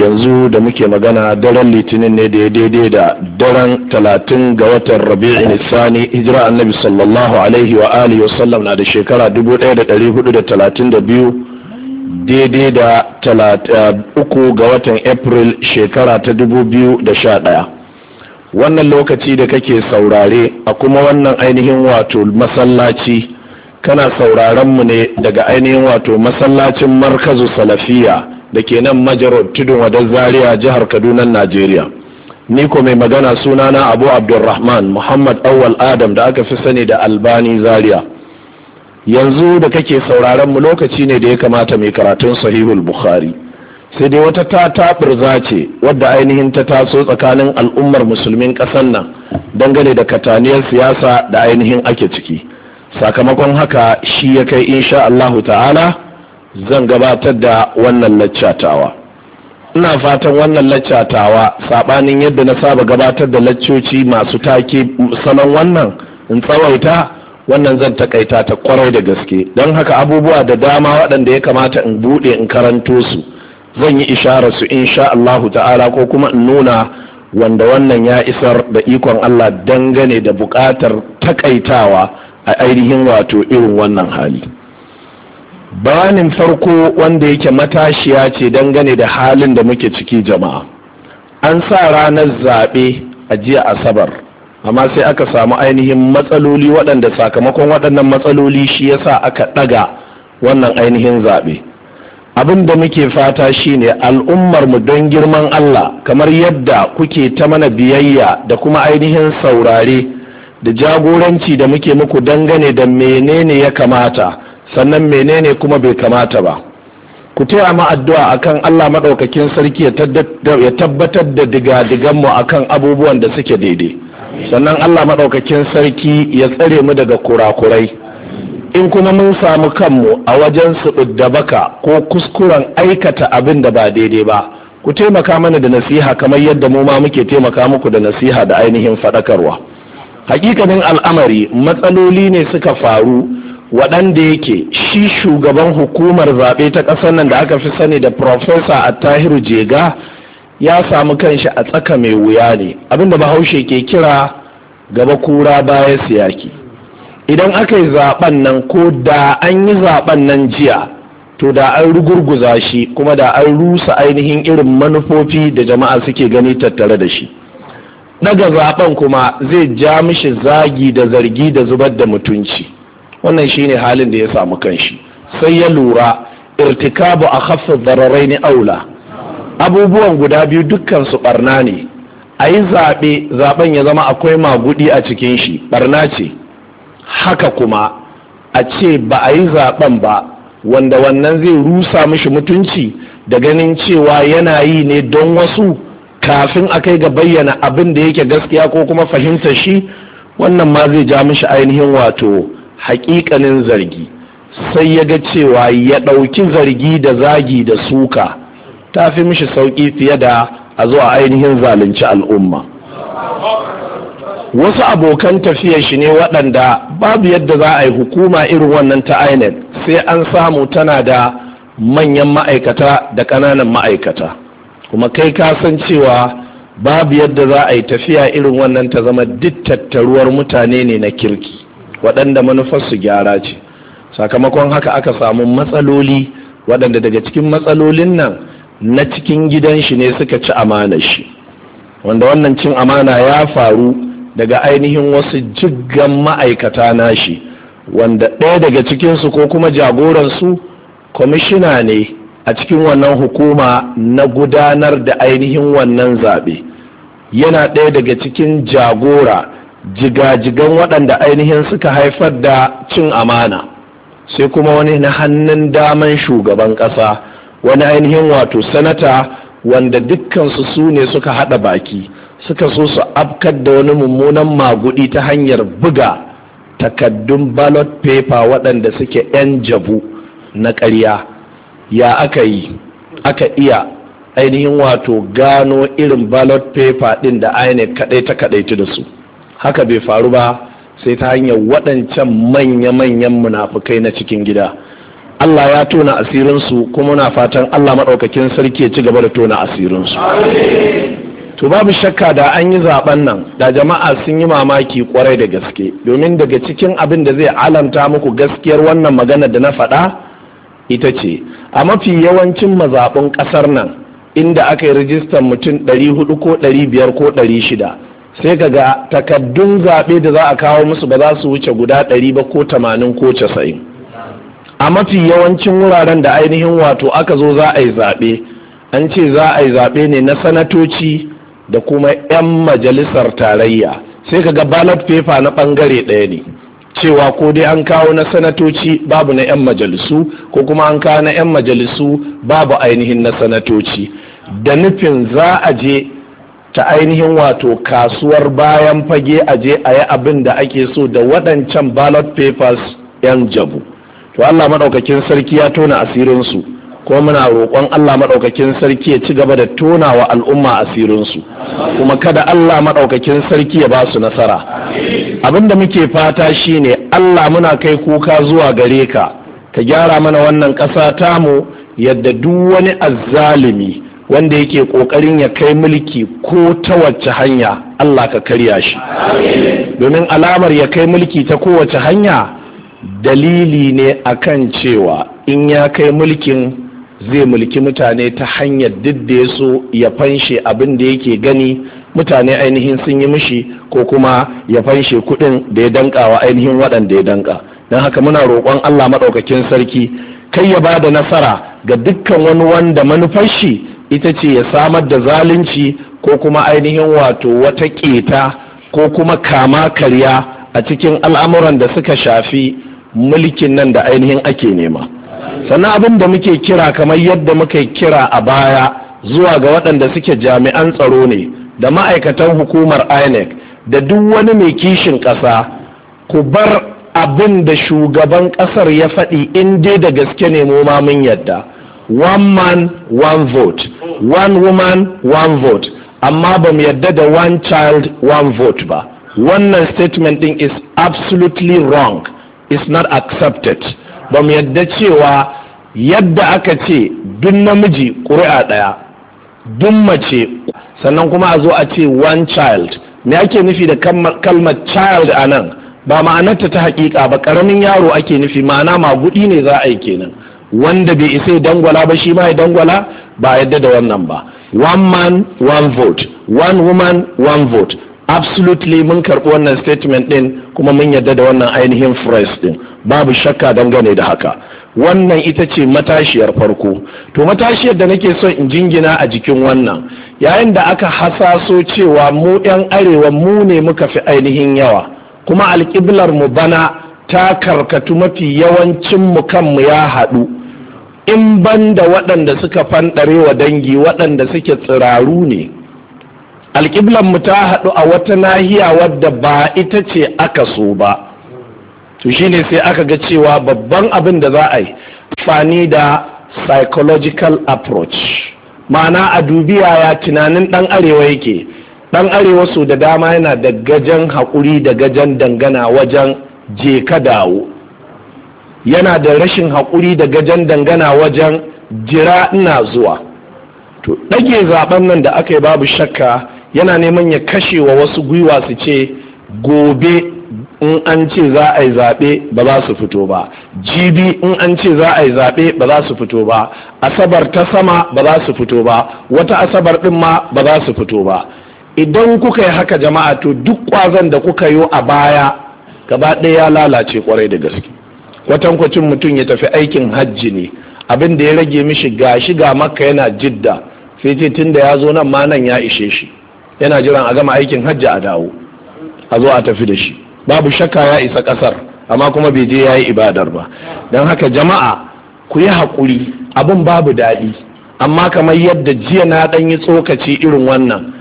yanzu da muke magana daren litinin ne da ya daidai da daren talatin ga watan rabi'in sani hijira annabi sallallahu alaihi wa alihi wa sallam na da shekara 1432 daidai da eh, uku ga watan april shekara ta 2011 wannan lokaci da kake saurare a kuma wannan ainihin wato masallaci kana sauraron mu ne daga ainihin wato masallacin markazu salafiya da ke nan majaro tudun wadar zaria jihar kaduna najeriya ni ko mai magana sunana abu abdulrahman muhammad awal adam da aka fi sani da albani zaria yanzu da kake sauraron mu lokaci ne da ya kamata mai karatun sahihul bukhari sai dai wata ta tabir ce wadda ainihin ta taso tsakanin al'ummar musulmin kasan nan dangane da kataniyar siyasa da ainihin ake ciki sakamakon haka shi ya kai insha Allahu ta'ala zan gabatar da wannan laccatawa ina fatan wannan laccatawa sabanin yadda na saba gabatar da laccoci masu take sanan wannan in tsawaita wannan zan takaita ta kwarai da gaske don haka abubuwa da dama waɗanda ya kamata in buɗe in karanto su zan yi isharar su insha Allahu ta'ala ko kuma in nuna wanda wannan ya isar da ikon Allah dangane da buƙatar takaitawa a ainihin wato irin wannan hali. bayanin farko wanda yake matashiya ce dangane da halin da muke ciki jama'a an sa ranar zaɓe a jiya asabar amma sai aka samu ainihin matsaloli waɗanda sakamakon waɗannan matsaloli shi yasa aka ɗaga wannan ainihin zaɓe abin da muke fata shine ne, al'ummarmu don girman Allah kamar yadda kuke ta mana biyayya da kuma ainihin saurare da jagoranci da muke muku dangane da menene ya kamata sannan menene kuma bai kamata ba ku taya ma addu'a akan Allah madaukakin sarki ya tabbatar da digadigan mu akan abubuwan da suke daidai sannan Allah madaukakin sarki ya tsare mu daga kurakurai in kuma mun samu kanmu a wajen su baka ko kuskuren aikata abin da ba daidai ba ku taimaka mana da nasiha kamar yadda mu ma muke taimaka muku da nasiha da ainihin faɗakarwa hakikanin al'amari matsaloli ne suka faru waɗanda yake shi shugaban hukumar zaɓe ta ƙasar nan da aka fi sani da profesa attahiru jega ya samu kanshi a tsaka mai wuya ne abinda bahaushe ke kira gaba kura baya siyaki idan aka yi zaɓen nan ko da an yi zaɓen nan jiya to da an rugurguza shi kuma da an rusa ainihin irin manufofi da jama'a suke gani tattare da shi daga zaɓen kuma zai ja mishi zagi da zargi da zubar da mutunci wannan shine halin da ya samu kanshi sai ya lura irtikabu a khafsa dararai ne aula abubuwan guda biyu dukkan su barna ne a yi zaɓe zaɓen ya zama akwai magudi a cikin shi barna ce haka kuma a ce ba a yi zaɓen ba wanda wannan zai rusa mishi mutunci da ganin cewa yana yi ne don wasu kafin a kai ga bayyana abin da yake gaskiya ko kuma fahimtar shi wannan ma zai ja mishi ainihin wato haƙiƙanin zargi sai ya ga cewa ya ɗauki zargi da zagi da suka ta fi mishi sauƙi fiye da a zo a ainihin zalunci al'umma wasu abokan tafiyar shi ne waɗanda babu yadda za a yi hukuma irin wannan ta inec sai an samu tana da manyan ma'aikata da ƙananan ma'aikata kuma kai ka san cewa babu yadda za a yi tafiya irin wannan ta zama duk tattaruwar mutane ne na kirki waɗanda manufarsu gyara ce sakamakon haka aka samu matsaloli waɗanda daga cikin matsalolin nan na cikin gidan shi ne suka ci amana shi wanda wannan cin amana ya faru daga ainihin wasu jiggan ma'aikata nashi wanda ɗaya daga cikinsu ko kuma jagoransu kwamishina ne a cikin wannan hukuma na gudanar da ainihin wannan zaɓe yana ɗaya daga cikin jagora jigajigan waɗanda ainihin suka haifar da cin amana sai kuma wani na hannun daman shugaban ƙasa wani ainihin wato sanata wanda dukkansu su ne suka haɗa baki suka so su afkar da wani mummunan magudi ta hanyar buga takaddun ballot paper waɗanda suke 'yan jabu na ƙarya ya aka yi aka iya ainihin wato gano irin ballot paper ɗin da inec kaɗai ta kaɗaitu da su haka bai faru ba sai ta hanyar waɗancan manya-manyan munafukai na cikin gida Allah ya tona asirinsu kuma na fatan Allah maɗaukakin sarki ya ci gaba da tona asirinsu to babu shakka da an yi zaben nan da jama'a sun yi mamaki kwarai da gaske domin daga cikin abin da zai alamta muku gaskiyar wannan magana da na faɗa ita ce a mafi yawancin mazaɓin ƙasar nan inda aka yi rijistar mutum 400 ko 500 ko 600 sai ka ga takaddun zaɓe da za a kawo musu ba za su wuce guda ɗari ba ko tamanin ko casa'in a mafi yawancin wuraren da ainihin wato aka zo za a yi zaɓe an ce za a yi zaɓe ne na sanatoci da kuma 'yan majalisar tarayya sai ka ga ballot paper na ɓangare ɗaya ne cewa ko dai an kawo na sanatoci babu na 'yan majalisu ko kuma an kawo na 'yan majalisu babu ainihin na sanatoci da nufin za a je ta ainihin wato kasuwar bayan fage a je a yi abin da ake so da waɗancan ballot papers 'yan jabu to allah maɗaukakin sarki ya tona asirinsu kuma muna roƙon allah maɗaukakin sarki ya ci gaba da tona wa al'umma asirinsu kuma kada allah maɗaukakin sarki ya ba su nasara abin da muke fata shine allah muna kai kuka zuwa gare ka ka gyara mana wannan ƙasa tamu yadda duk wani azzalimi wanda yake kokarin ya kai mulki ko ta wacce hanya Allah ka karya shi domin alamar ya kai mulki ta kowace hanya dalili ne akan cewa in ya kai mulkin zai mulki mutane ta hanyar duk da ya ya fanshe abin da yake gani mutane ainihin sun yi mishi ko kuma ya fanshe kuɗin da ya danka wa ainihin waɗanda ya danka don haka muna roƙon Allah maɗaukakin sarki kai ya bada nasara ga dukkan wani wanda manufar shi ita ce ya samar da zalunci ko kuma ainihin wato wata keta ko kuma kama karya a cikin al'amuran da suka shafi mulkin nan da ainihin ake nema sannan abin da muke kira kamar yadda muka kira a baya zuwa ga waɗanda suke jami'an tsaro ne da ma'aikatan hukumar inec da duk wani mai kishin ƙasa ku bar abin da shugaban ƙasar ya faɗi in dai da gaske ne mu ma mun yadda one man one vote one woman one vote amma ba mu yadda da one child one vote ba wannan statement din is absolutely wrong is not accepted ba mu yadda cewa yadda aka ce duk namiji ƙuri'a ɗaya duk mace sannan kuma a zo a ce one child me ake nufi da kalmar child a nan ba ma'anarta ta haƙiƙa ba ƙaramin yaro ake nufi ma'ana ma guɗi ne za a yi kenan wanda bai isa ya dangwala ba shi ma ya dangwala ba yadda da wannan ba one man one vote one woman one vote absolutely mun karɓi wannan statement ɗin kuma mun yadda da wannan ainihin phrase ɗin, babu shakka dangane da haka wannan ita ce matashiyar farko to matashiyar da nake son in jingina a jikin wannan yayin da aka hasaso cewa mu 'yan arewa mu ne muka fi ainihin yawa kuma alƙiblar mu bana ta karkatu mafi yawancin mu kanmu ya haɗu in banda waɗanda suka fanɗare wa dangi waɗanda suke tsiraru ne alƙiblar mu ta haɗu a wata nahiya wadda ba ita ce aka so ba to shine sai aka ga cewa babban abin da za a yi fani da psychological approach ma'ana a dubi yaya tunanin ɗan arewa yake dan arewa su da dama yana da gajen haƙuri da gajen dangana wajen je ka dawo yana da rashin haƙuri da gajen dangana wajen jira ina zuwa to ɗage zaben nan da aka yi babu shakka yana neman ya kashe wa wasu gwiwa su ce gobe in an ce za a yi zaɓe ba za su fito ba jibi in an ce za a yi zaɓe ba za su fito ba asabar ta sama ba za su fito ba wata asabar ɗin ma ba za su fito ba idan kuka yi haka jama'a to duk kwazon da kuka yi a baya gaba ɗaya ya lalace kwarai da gaske kwatankwacin mutum ya tafi aikin hajji ne abin da ya rage mishi ga shi ga makka yana jidda sai ce tun da ya zo nan ma nan ya ishe shi yana jiran a gama aikin hajji a dawo a zo a tafi da shi babu shakka ya isa ƙasar amma kuma bai je ya yi ibadar ba don haka jama'a ku yi haƙuri abin babu daɗi amma kamar yadda jiya na ɗan yi tsokaci irin wannan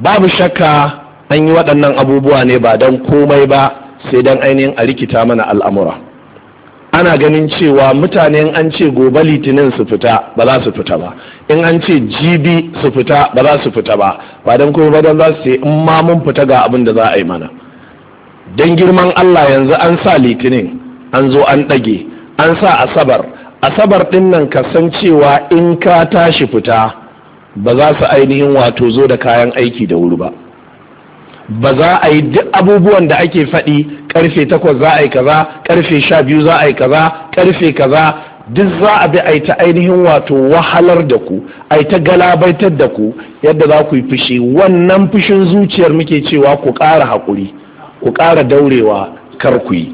babu shakka an yi waɗannan abubuwa ne ba don komai ba sai don ainihin a rikita mana al'amura ana ganin cewa mutane in an ce gobe litinin su fita ba za su fita ba in an ce jibi su fita ba za su fita ba ba don komai ba don za su in ma mun fita ga abin da za a yi mana don girman allah yanzu an sa litinin an zo an ɗage an sa asabar asabar ɗin nan ka san cewa in ka tashi fita ba za su ainihin wato zo da kayan aiki da wuri ba ba za a yi duk abubuwan da ake faɗi karfe takwas za a yi kaza karfe sha biyu za a yi kaza karfe kaza duk za a bi a yi ta ainihin wato wahalar da ku a yi ta galabaitar da ku yadda za ku yi fushi wannan fushin zuciyar muke cewa ku ƙara haƙuri ku ƙara daurewa kar ku yi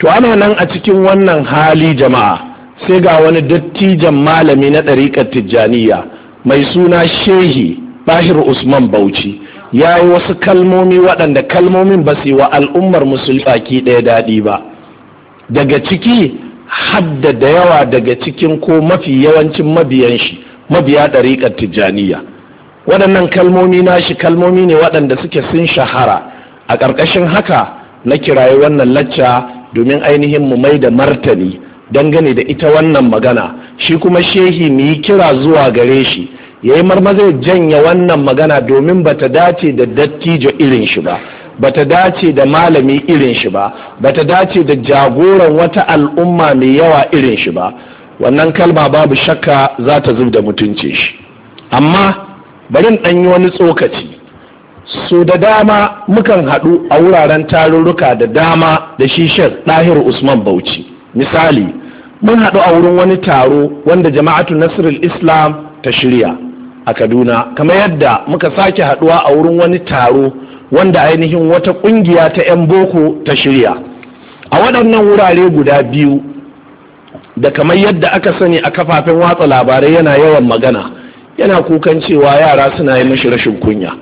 to ana nan a cikin wannan hali jama'a sai ga wani dattijan malami na ɗariƙar tijjaniya mai suna shehi bahir usman bauchi ya yi wasu kalmomi waɗanda kalmomin ba su wa al'ummar musulmi baki ɗaya daɗi ba daga ciki hadda da yawa daga cikin ko mafi yawancin mabiyan shi mabiya ɗariƙar tijjaniya waɗannan kalmomi na shi kalmomi ne waɗanda suke sun shahara a ƙarƙashin haka na kirayi wannan lacca domin ainihin mu mai da martani dangane da ita wannan magana shi kuma shehi mu yi kira zuwa gare shi ya yi marmazai janya wannan magana domin ba ta dace da dattijo irin shi ba ba ta dace da malami irin shi ba ba ta dace da jagoran wata al'umma mai yawa irin shi ba wannan kalma babu shakka za ta zub da mutunci shi amma barin ɗan yi wani tsokaci su da dama mukan haɗu a wuraren tarurruka da dama da shi shek ɗahir usman bauchi misali mun haɗu a wurin wani taro wanda jama'atu nasirul islam ta shirya a kaduna kamar yadda muka sake haɗuwa a wurin wani taro wanda ainihin wata ƙungiya ta 'yan boko ta shirya a waɗannan wurare guda biyu da kamar yadda aka sani a kafafen watsa labarai yana yawan magana yana kukan cewa yara suna yi mashi rashin kunya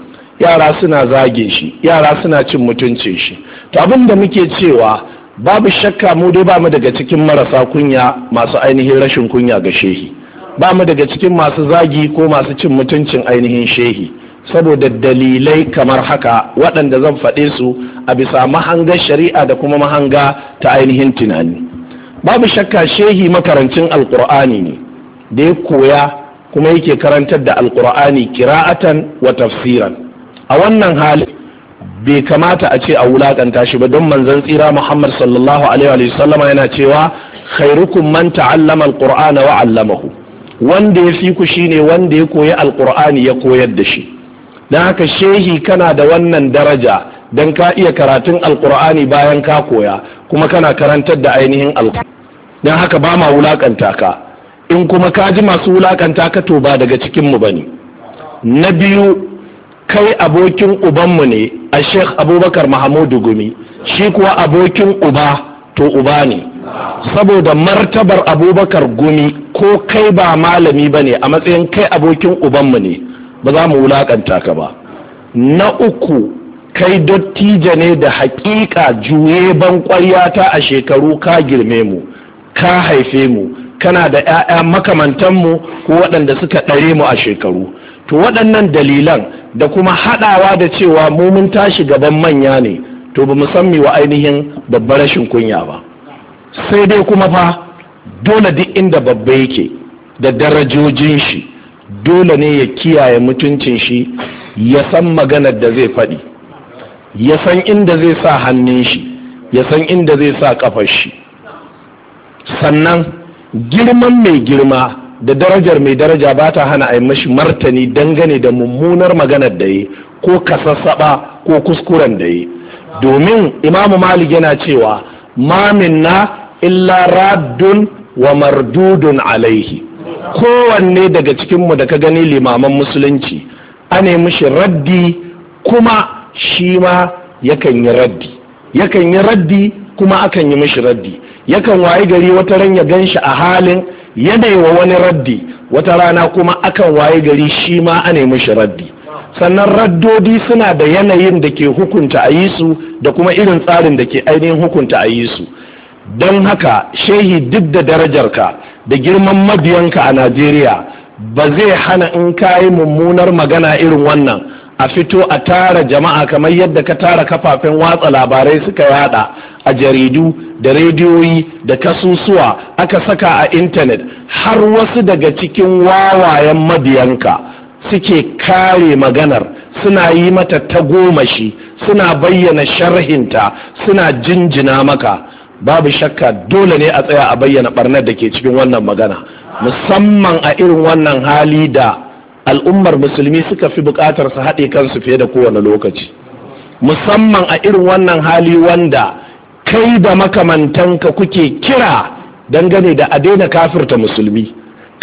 yara suna zage shi yara suna cin mutuncin shi to abin da muke cewa babu shakka mu dai bamu daga cikin marasa kunya masu ainihin rashin kunya ga shehi bamu daga cikin masu zagi ko masu cin mutuncin ainihin shehi saboda dalilai kamar haka waɗanda zan faɗe su a bisa mahanga shari'a da kuma mahanga ta ainihin tunani babu shakka shehi makarancin alkur'ani ne da ya koya kuma yake karantar da alkur'ani kira'atan wa tafsiran a wannan hali. bai kamata a ce a wulakanta shi ba don manzon tsira Muhammad sallallahu alaihi wa yana cewa khairukum man ta'allama alqur'ana wa 'allamahu wanda ya fi ku shine wanda ya koyi alqur'ani ya koyar da shi dan haka shehi kana da wannan daraja dan ka iya karatun alqur'ani bayan ka koya kuma kana karantar da ainihin alqur'ani dan haka ba ma wulakanta ka in kuma ka ji masu wulakanta ka to ba daga cikin mu bane na biyu kai abokin ubanmu ne a sheikh abubakar mahamudu gumi shi kuwa abokin uba to uba ne saboda martabar abubakar gumi ko kai ba malami ba ne a matsayin kai abokin ubanmu ne ba za mu wulaƙanta ka ba na uku kai dottija ne da haƙiƙa juye ban ta a shekaru ka girme mu ka haife mu kana da 'ya'ya makamantanmu ko waɗanda suka ɗare mu a shekaru to waɗannan dalilan da kuma haɗawa da cewa mu mun tashi gaban manya ne to ba san wa ainihin babbar rashin kunya ba sai dai kuma fa dole duk inda babba yake da darajojin shi dole ne ya kiyaye mutuncin shi ya san maganar da zai faɗi ya san inda zai sa hannun shi ya san inda zai sa kafar shi sannan girman mai girma da darajar mai daraja ba ta hana a mashi martani dangane da mummunar maganar da yi ko kasassaba ko kuskuren da yi domin imamu malik yana cewa mamin na illa raddun wa mardudun alaihi kowanne daga cikinmu da ka gani limaman musulunci a mishi raddi kuma shi ma yakan yi raddi yakan yi raddi kuma akan yi mishi raddi yakan wayi gari wata ran ya gan shi a halin yanayi wa wani raddi wata rana kuma akan waye gari shi ma a nemi shi raddi sannan raddodi suna da yanayin da ke hukunta a yi su da kuma irin tsarin da ke ainihin hukunta a yi su don haka shehi duk da darajarka da girman mabiyanka a najeriya ba zai hana in kayi mummunar magana irin wannan a fito a tara jama'a kamar yadda ka tara kafafen watsa labarai suka yada a jaridu da rediyoyi da kasusuwa aka saka a intanet har wasu daga cikin wawayen mabiyanka suke kare maganar suna yi mata ta tagomashi suna bayyana sharhinta suna jinjina maka babu shakka dole ne a tsaya a bayyana barnar da ke cikin wannan magana musamman a irin wannan hali da al'ummar musulmi suka fi bukatar su haɗe kansu fiye da kowane lokaci musamman a irin wannan hali wanda kai da makamantanka kuke kira dangane da a kafirta musulmi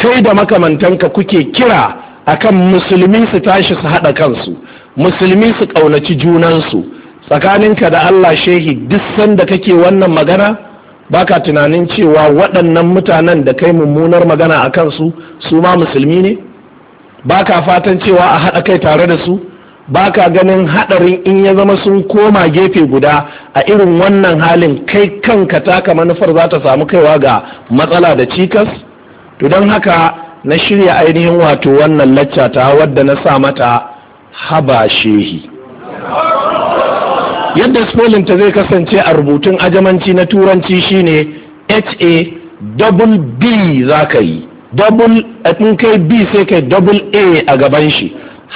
kai da makamantanka kuke kira akan musulmi su tashi su haɗa kansu musulmi su ƙaunaci junansu tsakaninka da allah shehi duk sanda kake wannan magana baka tunanin cewa waɗannan mutanen da kai mummunar magana a kansu su ma musulmi ne Baka fatan cewa a haɗa kai tare da su baka ganin haɗarin in ya zama sun koma gefe guda a irin wannan halin kai kanka taka manufar za ta samu kaiwa ga matsala da cikas to don haka na shirya ainihin wato wannan lacca ta wadda na sa mata haba shehi yadda spelling ta zai kasance a rubutun ajamanci na turanci shine ha double b za ka yi double in kai b sai kai double a a gaban shi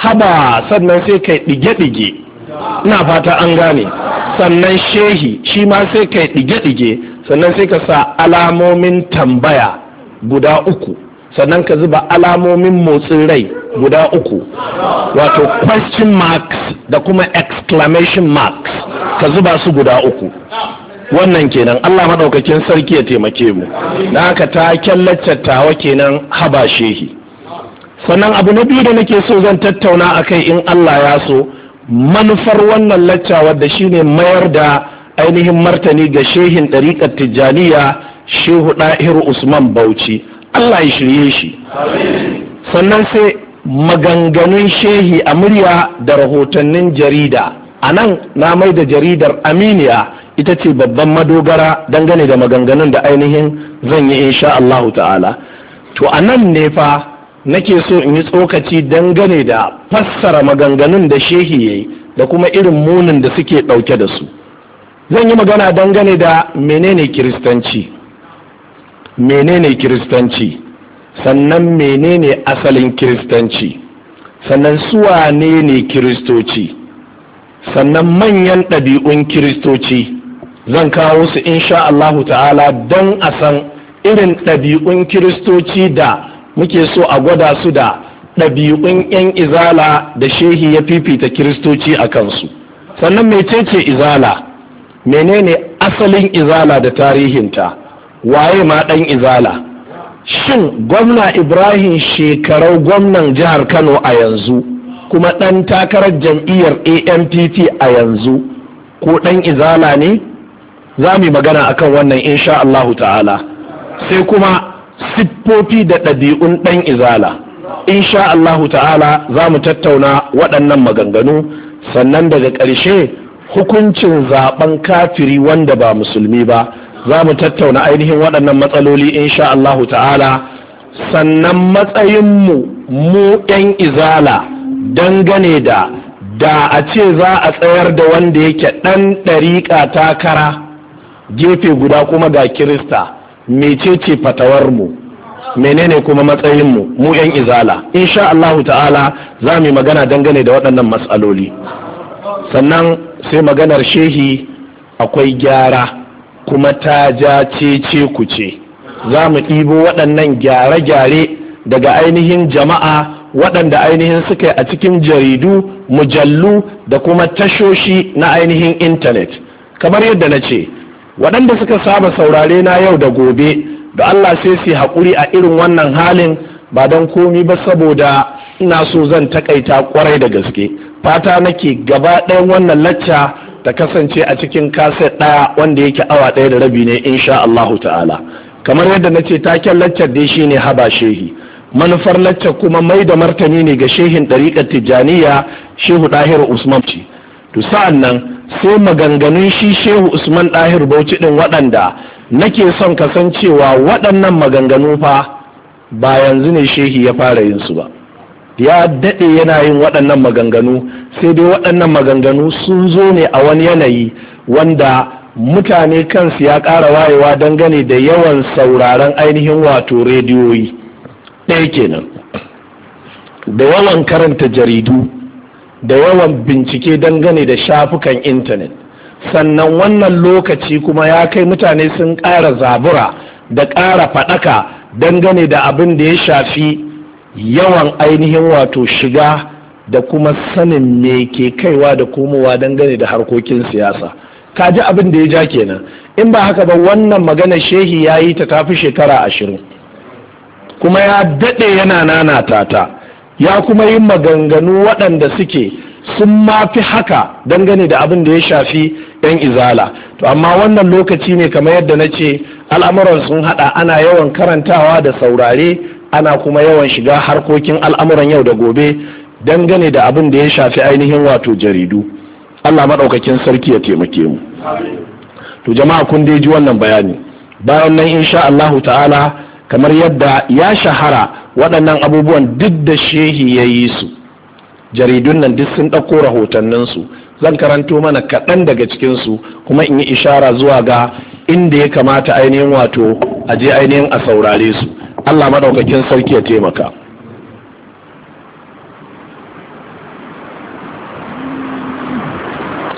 haba sannan sai kai ɗige-ɗige ina fata an gane sannan shehi shi ma sai kai ɗige-ɗige sannan sai ka sa alamomin tambaya guda uku sannan ka zuba alamomin motsin rai guda uku wato question marks da kuma exclamation marks ka zuba su guda uku wannan kenan Allah madaukakin sarki ya taimake mu na haka taken tawa kenan haba shehi sannan abu na biyu da nake so zan tattauna akai in Allah ya so manufar wannan da shi shine mayar da ainihin martani ga shehin ɗariƙar tijjaniya shehu ɗahir usman bauchi Allah ya shirye shi sannan sai maganganun shehi a murya da rahotannin jarida a nan na mai da jaridar aminiya ita ce babban madogara dangane da maganganun da ainihin zan yi insha Allahu ta'ala to a nan ne fa nake so in yi tsokaci dangane da fassara maganganun da shehi ya yi da kuma irin munin da suke ɗauke da su zan yi magana dangane da menene kiristanci menene kiristanci sannan menene asalin kiristanci sannan suwa ne ne kiristoci sannan manyan ɗabi'un kiristoci zan kawo su insha Allahu ta'ala don a san irin ɗabi'un kiristoci da muke so a gwada su da ɗabi'un 'yan izala da shehi ya fifita kiristoci a kansu sannan mecece izala menene asalin izala da tarihinta waye ma ɗan izala shin gwamna ibrahim shekarau gwamnan jihar kano a yanzu kuma ɗan takarar jam'iyyar ANPT a yanzu ko ɗan izala ne za mu yi magana a kan wannan insha Allah ta'ala sai kuma siffofi da ɗabi'un ɗan izala insha Allahu ta'ala za mu tattauna waɗannan maganganu sannan daga ƙarshe hukuncin zaɓen kafiri wanda ba musulmi ba za mu tattauna ainihin waɗannan matsaloli insha Allah ta'ala sannan matsayinmu mu ɗan izala dangane da da a ce za a tsayar da wanda yake ɗan ɗariƙa takara gefe guda kuma ga kirista mecece fatawar mu menene kuma matsayin mu mu yan izala insha Allah ta'ala za mu magana dangane da waɗannan matsaloli sannan sai maganar shehi akwai gyara kuma ta ja cece ku ce za mu ɗibo waɗannan gyare-gyare daga ainihin jama'a waɗanda ainihin suka yi a cikin jaridu mujallu da kuma tashoshi na ainihin intanet kamar yadda na ce waɗanda suka saba saurare na yau da gobe da Allah sai su haƙuri a irin wannan halin ba don komi ba saboda ina so zan takaita kwarai da gaske fata nake gaba ɗayan wannan lacca ta kasance a cikin kaset ɗaya wanda yake awa ɗaya da rabi ne insha Allahu ta'ala kamar yadda na ce taken laccar dai shine haba shehi manufar laccar kuma mai da martani ne ga shehin ɗariƙar tijjaniya shehu ɗahiru usman ce to sa'an nan sai maganganun shi shehu usman ɗahir bauchi ɗin waɗanda nake son kasancewa waɗannan maganganu fa ba yanzu ne shehi ya fara yin su ba ya daɗe yana yin waɗannan maganganu sai dai waɗannan maganganu sun zo ne a wani yanayi wanda mutane kansu ya ƙara wayewa dangane da yawan sauraron ainihin wato rediyoyi ɗaya kenan da yawan karanta jaridu da yawan bincike dangane da shafukan intanet sannan wannan lokaci kuma ya kai mutane sun ƙara zabura da ƙara faɗaka dangane da abin da ya shafi yawan ainihin wato shiga da kuma sanin me ke kaiwa da komowa dangane da harkokin siyasa ka ji abin da ya ja kenan in ba haka ba wannan magana shehi ya yi ta tafi shekara ashirin kuma ya daɗe yana nanata ta ya kuma yi maganganu waɗanda suke sun ma fi haka dangane da abin da ya shafi 'yan izala to amma wannan lokaci ne kamar yadda na ce al'amuran sun haɗa ana yawan karantawa da saurare ana kuma yawan shiga harkokin al'amuran yau da gobe dangane da abin da ya shafi ainihin wato jaridu allah maɗaukakin sarki ya taimake mu to jama'a kun dai ji wannan bayani bayan nan insha allahu ta'ala kamar yadda ya shahara waɗannan abubuwan duk da shehi ya yi su jaridun nan duk sun ɗauko rahotanninsu zan karanto mana kaɗan daga cikinsu kuma in yi ishara zuwa ga inda ya kamata ainihin wato a je ainihin a saurare su allah maɗaukakin sarki ya taimaka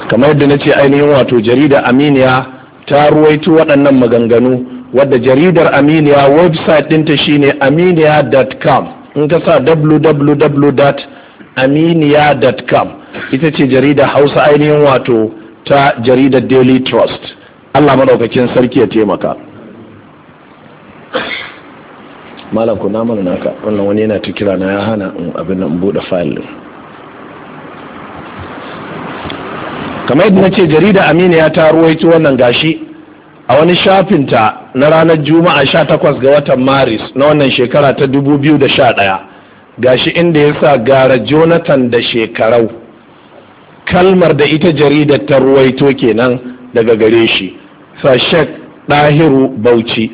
kamar yadda na ce ainihin wato jarida aminiya ta ruwaito waɗannan maganganu wadda jaridar aminiya website dinta shine aminiya.com in ka sa www.aminiya.com ita ce jaridar hausa ainihin wato ta jaridar daily trust allah maɗaukakin sarki ya taimaka malam ku na naka wannan wani yana tukira na ya hana abin nan buɗe fayil kamar yadda na ce jarida aminiya ta ruwaito wannan gashi a wani shafinta na ranar juma'a 18 ga watan maris na wannan shekara ta 2011 gashi inda ya sa gara jonathan da shekarau kalmar da ita jaridar ta ruwaito kenan daga gare shi sa shek ɗahiru bauchi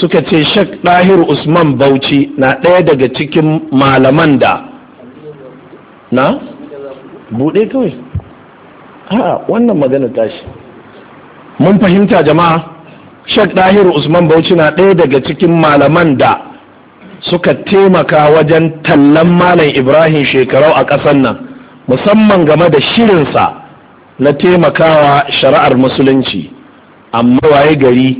suka ce shek ɗahiru usman bauchi na ɗaya daga cikin malaman da na buɗe kawai a wannan magana tashi mun fahimta jama'a shek dahiru usman bauchi na ɗaya daga cikin malaman da suka taimaka wajen tallan malam ibrahim shekarau a ƙasar nan musamman game da shirinsa na taimakawa shari'ar musulunci amma waye gari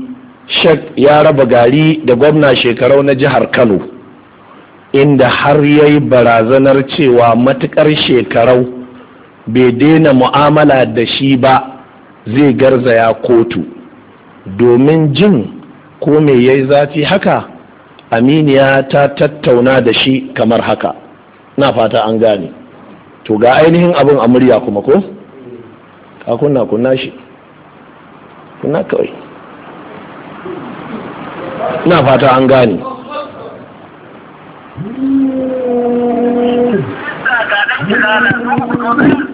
shek ya raba gari da gwamna shekarau na jihar kano inda har ya yi barazanar cewa matuƙar shekarau bai daina mu'amala da shi ba zai garzaya kotu domin jin ko me ya yi zafi haka aminiya ta tattauna da shi kamar haka na fata an gane to ga ainihin abin a murya kuma ko ka kunna kunna shi kunna kawai na fata an gane Thank you.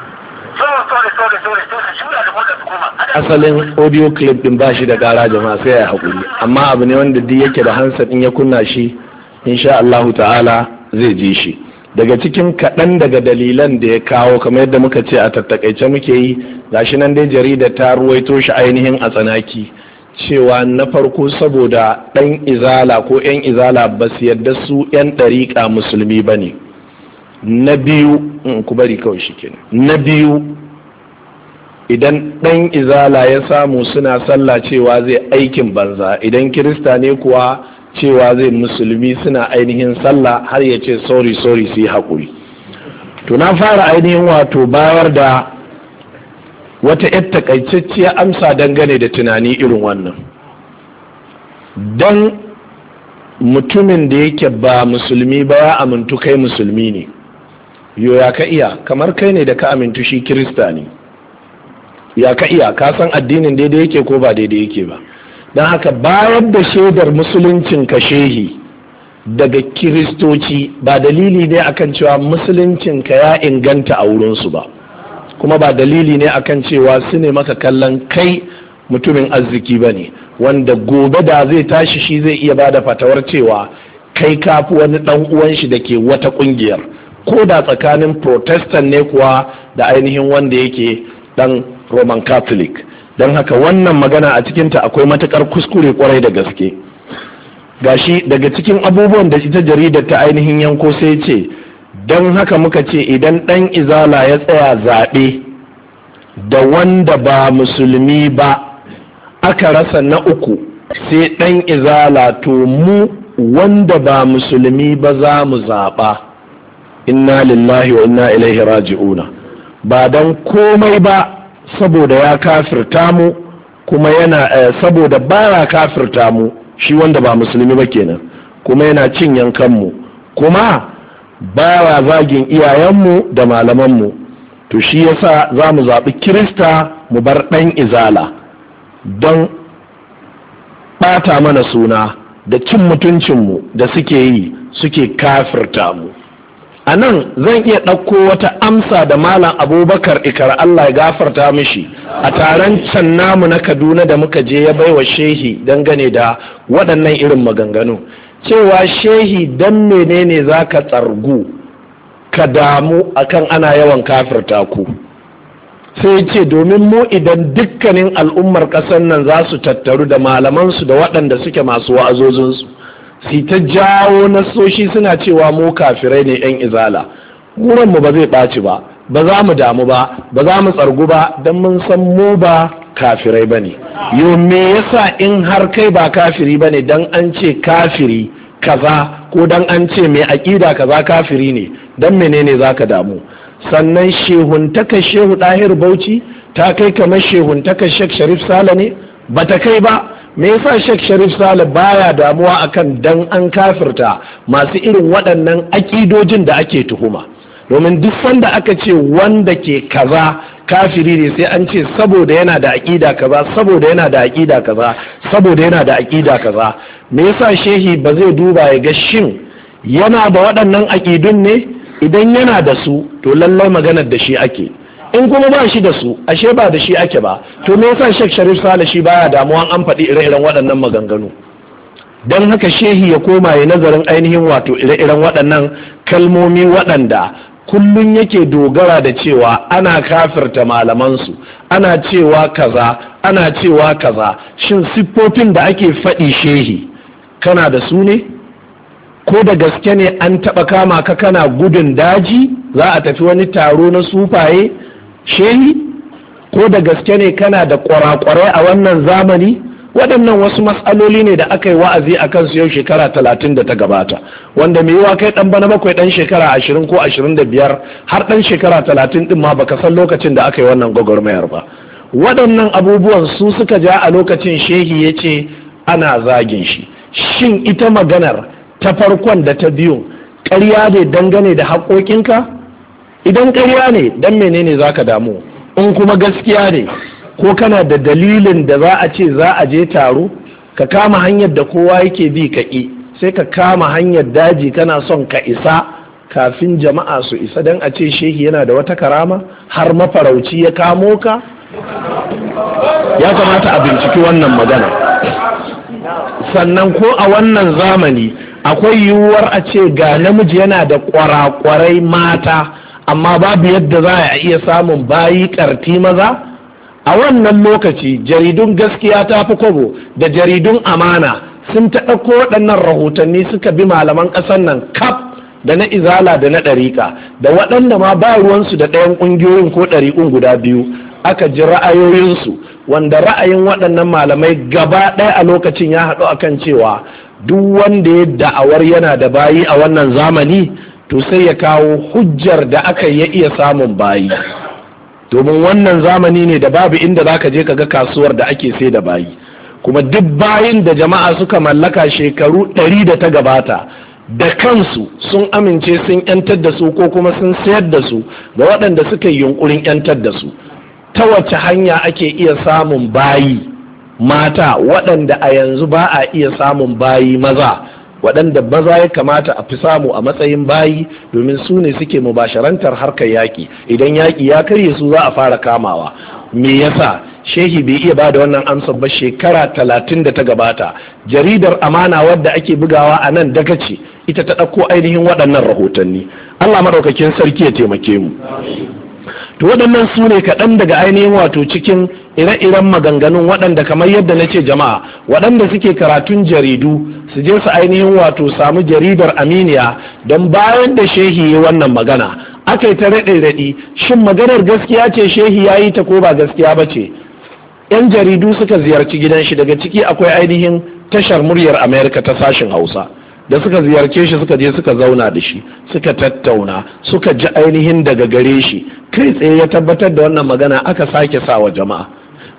asalin audio clip din ba shi da gara jama'a sai ya haƙuri amma abu ne wanda duk yake da hansa din ya kunna shi insha Allah ta'ala zai ji shi daga cikin kaɗan daga dalilan da ya kawo kamar yadda muka ce a tattakaice muke yi gashi nan dai jarida ta ruwaito shi ainihin a tsanaki cewa na farko saboda ɗan izala ko 'yan izala ba su yadda su 'yan ɗariƙa musulmi ba ne na biyu ku bari kawai shi kenan na biyu idan ɗan izala ya samu suna sallah cewa zai aikin banza idan kirista ne kuwa cewa zai musulmi suna ainihin sallah har ya ce sorry sorry su yi haƙuri to na fara ainihin wato bayar da wata 'yar takaitacciya amsa dangane da tunani irin wannan don mutumin da yake ba musulmi ba ya amintu kai musulmi ne yo ya ka iya kamar kai ne da ka amintu shi kirista ne ya ka iya ka san addinin daidai yake ko ba daidai yake ba don haka bayar da shaidar musuluncin ka shehi daga kiristoci ba dalili ne akan cewa musuluncin ka ya inganta a wurinsu ba kuma ba dalili ne akan cewa su ne maka kallon kai mutumin arziki ba ne wanda gobe da zai tashi shi zai iya ba da fatawar cewa kai kafi wani dan uwan shi da ke wata kungiyar ko da tsakanin protestant ne kuwa da ainihin wanda yake dan roman catholic don haka wannan magana a cikinta akwai matukar kuskure kwarai da gaske gashi daga cikin abubuwan da ita jaridar ta ainihin yanko sai ce don haka muka ce idan dan izala ya tsaya zaɓe da wanda ba musulmi ba aka rasa na uku sai dan izala to mu wanda ba musulmi ba za mu zaɓa inna lillahi wa inna ilaihi raji'una ba don komai ba saboda ya kafirta mu kuma yana eh, saboda baya kafirta mu shi wanda ba musulmi ba kenan kuma yana cin yankanmu kuma ya zagin iyayenmu da malamanmu to shi yasa za mu zaɓi kirista mu bar ɗan izala don ɓata mana suna da cin mutuncinmu da suke yi suke kafirta mu a nan zan iya ɗauko wata amsa da malam abubakar ikar allah ya gafarta mishi a taron can namu na kaduna da muka je ya baiwa shehi dangane da waɗannan irin maganganu cewa shehi don menene za ka tsargu ka damu akan ana yawan kafirta ku sai ce domin mu idan dukkanin al'ummar ƙasar nan za su tattaru da malamansu da waɗanda suke masu wa'azozinsu sai ta jawo nasoshi suna cewa mu kafirai ne yan izala mu ba zai ɓaci ba ba za mu damu ba ba za mu tsargu ba don mun san mu ba kafirai ba ne Yau me yasa in har kai ba kafiri ba ne don an ce kafiri kaza ko don an ce mai aƙida kaza kafiri ne don menene za ka damu sannan shehuntaka shehu ɗahir bauchi ta kai kamar shehuntaka shek sharif sala ne ba ta kai ba me yasa Sheikh Sharif Sale baya damuwa akan dan an kafirta masu irin waɗannan aƙidojin da ake tuhuma domin duk sanda aka ce wanda ke kaza kafiri ne sai an ce saboda yana da aƙida kaza saboda yana da aƙida kaza saboda yana da aƙida kaza me yasa shehi ba zai duba ya ga shin yana da waɗannan aƙidun ne idan yana da su to lallai maganar da shi ake in kuma ba shi da su ashe ba da shi ake ba to me yasa Sheikh Sharif Sale shi baya damuwa an faɗi ire-iren waɗannan maganganu don haka shehi ya koma ya nazarin ainihin wato ire-iren waɗannan kalmomi waɗanda kullum yake dogara da cewa ana kafirta malamansu ana cewa kaza ana cewa kaza shin siffofin da ake faɗi shehi kana da su ne ko da gaske ne an taɓa kama ka kana gudun daji za a tafi wani taro na sufaye shehi ko da gaske ne kana da kwarakwarai a wannan zamani waɗannan wasu matsaloli ne da aka yi wa'azi a kansu yau shekara talatin da ta gabata wanda mai yiwa kai ɗan bana bakwai ɗan shekara ashirin ko ashirin da biyar har ɗan shekara talatin ɗin ma baka san lokacin da aka yi wannan gwagwarmayar ba waɗannan abubuwan su suka ja a lokacin shehi ya ce ana zagin shi shin ita maganar ta farkon da ta biyu ƙarya ne dangane da haƙoƙinka idan ƙarya ne dan menene zaka damu in kuma gaskiya ne ko kana da dalilin da za a ce za a je taro ka kama hanyar da kowa yake bi ka ƙi sai ka kama hanyar daji kana son ka isa kafin jama'a su isa don a ce shehi yana da wata karama har mafarauci ya kamo ka ya kamata a binciki wannan magana sannan ko a wannan zamani akwai yiwuwar a ce ga namiji yana da kwarakwarai mata amma babu yadda za a iya samun bayi karti maza a wannan lokaci jaridun gaskiya ta fi kwabo da jaridun amana sun ta ɗauko waɗannan rahotanni suka bi malaman ƙasar nan kaf da na izala da na ɗarika. da waɗanda ma ba ruwansu da ɗayan ƙungiyoyin ko ɗariƙun guda biyu aka ji ra'ayoyinsu wanda ra'ayin waɗannan malamai gaba ɗaya a lokacin ya haɗu akan cewa duk wanda ya da'awar yana da bayi a wannan zamani to sai ya kawo hujjar da aka ya iya samun bayi domin wannan zamani ne da babu inda za ka je ka ga kasuwar da ake sai da bayi kuma duk bayin da jama'a suka mallaka shekaru ɗari da ta gabata da kansu sun amince sun yantar da su ko kuma sun sayar da su ga waɗanda suka yi yunkurin yantar da su ta wace hanya ake iya samun bayi mata waɗanda a yanzu ba a iya samun bayi maza waɗanda maza ya kamata a fi samu a matsayin bayi domin su ne suke mubasharantar harkar yaƙi idan yaƙi ya karye su za a fara kamawa me yasa shehi bai iya ba da wannan amsar ba shekara talatin da ta gabata jaridar amana wadda ake bugawa a nan daga ce ita ta ɗauko ainihin waɗannan rahotanni allah maɗaukakin sarki ya taimake mu to waɗannan su ne kaɗan daga ainihin wato cikin ire-iren maganganun waɗanda kamar yadda na ce jama'a waɗanda suke karatun jaridu su je su ainihin wato samu jaridar aminiya don bayan da shehi ya wannan magana aka yi ta raɗe-raɗi shin maganar gaskiya ce shehi ya yi ta ko ba gaskiya ba ce yan jaridu suka ziyarci gidan shi daga ciki akwai ainihin tashar muryar amerika ta sashin hausa da suka ziyarce shi suka je suka zauna da shi suka tattauna suka ji ainihin daga gare shi kai tsaye ya tabbatar da wannan magana aka sake sa wa jama'a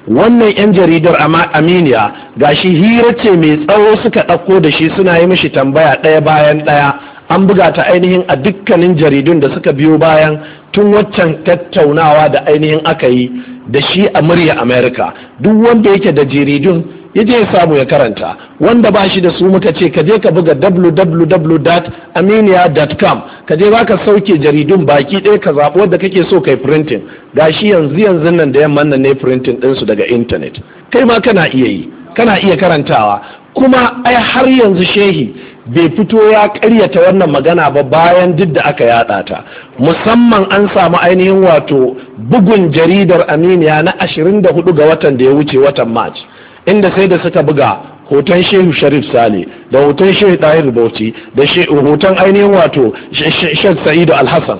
wannan 'yan jaridar aminiya ga shi hira ce mai tsawo suka ɗauko da shi suna yi mishi tambaya ɗaya bayan ɗaya an buga ta ainihin a dukkanin jaridun da suka biyo bayan tun waccan tattaunawa da ainihin aka yi da shi a murya amerika duk wanda yake da jaridun ya je ya samu ya karanta wanda ba shi da su muka ce ka je ka buga www.aminiya.com ka je baka sauke jaridun baki ɗaya ka zaɓi wadda kake so kai printing shi yanzu yanzu nan da yamman nan ne printing ɗinsu daga intanet kai ma kana iya yi kana iya karantawa kuma ai har yanzu shehi bai fito ya karyata wannan magana ba bayan duk da aka yaɗa ta musamman an samu ainihin wato bugun jaridar aminiya na 24 ga watan da ya wuce watan march inda sai da suka buga hoton shehu sharif sale da hoton shehu dahir bauchi da hoton ainihin wato shehu sa'idu alhassan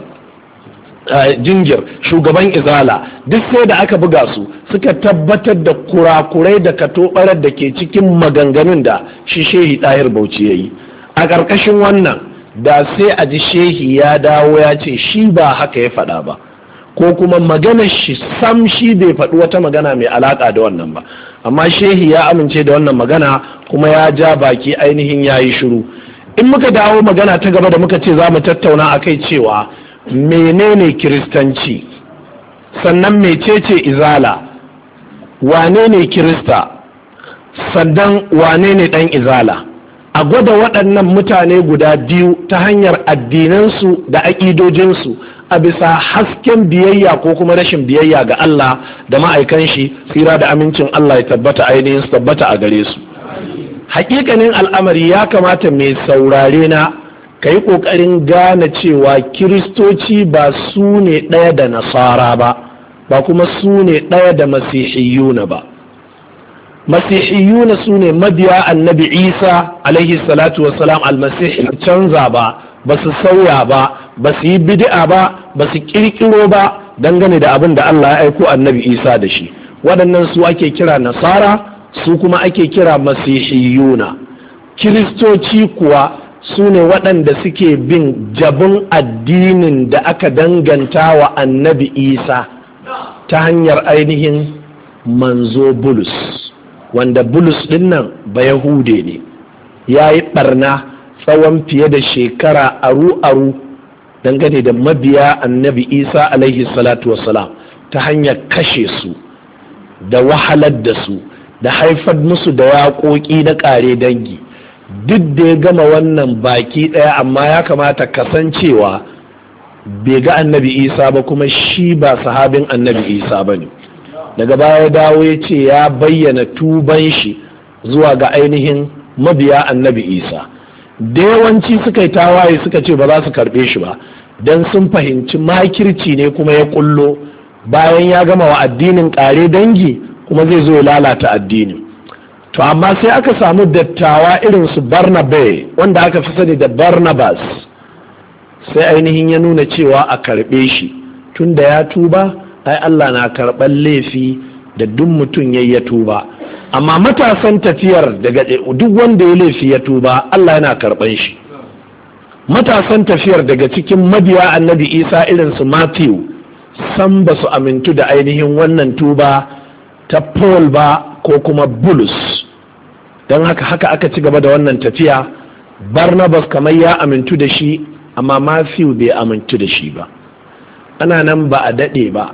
jingir shugaban izala duk sai da aka buga su suka tabbatar da kurakurai da katobarar da ke cikin maganganun da shi Shehu dahir bauchi ya yi a ƙarƙashin wannan da sai a ji Shehu ya dawo ya ce shi ba haka ya faɗa ba ko kuma maganar shi sam shi bai faɗi wata magana mai alaƙa da wannan ba amma shehi ya amince da wannan magana kuma ya ja baki ainihin ya yi shiru in muka dawo magana ta gaba da muka ce za mu tattauna a kai cewa menene kiristanci sannan mecece izala wane ne kirista sannan wane ne ɗan izala a gwada waɗannan mutane guda biyu ta hanyar addinansu da aƙidojinsu a bisa hasken biyayya ko kuma rashin biyayya ga Allah da ma'aikan shi tsira da amincin Allah ya tabbata ainihin su tabbata a gare su hakikanin al'amari ya kamata mai saurare na ka yi ƙoƙarin gane cewa kiristoci ba su ne ɗaya da nasara ba ba kuma su ne ɗaya da masihiyuna ba masihiyuna su ne mabiya annabi isa alaihi salatu wasalam almasihi canza ba ba su sauya ba ba su yi bid'a ba ba su kirkiro ba dangane da abin da Allah ya aiko annabi Isa da shi waɗannan su ake kira nasara su kuma ake kira masihiyuna kiristoci kuwa su ne waɗanda suke bin jabin addinin da aka danganta wa annabi Isa ta hanyar ainihin manzo bulus wanda bulus ɗin nan ba yahude ne ya yi ɓarna tsawon fiye da shekara aru-aru dangane da mabiya annabi isa alaihi salatu wasalam ta hanyar kashe su da wahalar da su da haifar musu da waƙoƙi na ƙare dangi duk da ya gama wannan baki ɗaya amma ya kamata kasancewa bai ga annabi isa ba kuma shi ba sahabin annabi isa ba ne daga baya dawo ya ce ya bayyana tuban shi zuwa ga ainihin mabiya annabi isa da yawanci suka yi tawaye suka ce ba za su karbe shi ba don sun fahimci makirci ne kuma ya kullo bayan ya gama wa addinin kare dangi kuma zai zo ya lalata addinin to amma sai aka samu dattawa irin su barnabe wanda aka fi sani da barnabas sai ainihin ya nuna cewa a karbe shi tun da ya tuba ai allah na karɓar laifi da duk mutum ya yi ya tuba amma matasan tafiyar daga duk wanda ya laifi ya tuba Allah yana karɓan shi matasan tafiyar daga cikin mabiya annabi isa irin su matthew san ba su amintu da ainihin wannan tuba ta paul ba ko kuma bulus don haka haka aka ci gaba da wannan tafiya barnabas kamar ya amintu da shi amma matthew bai amintu da shi ba ana nan ba a daɗe ba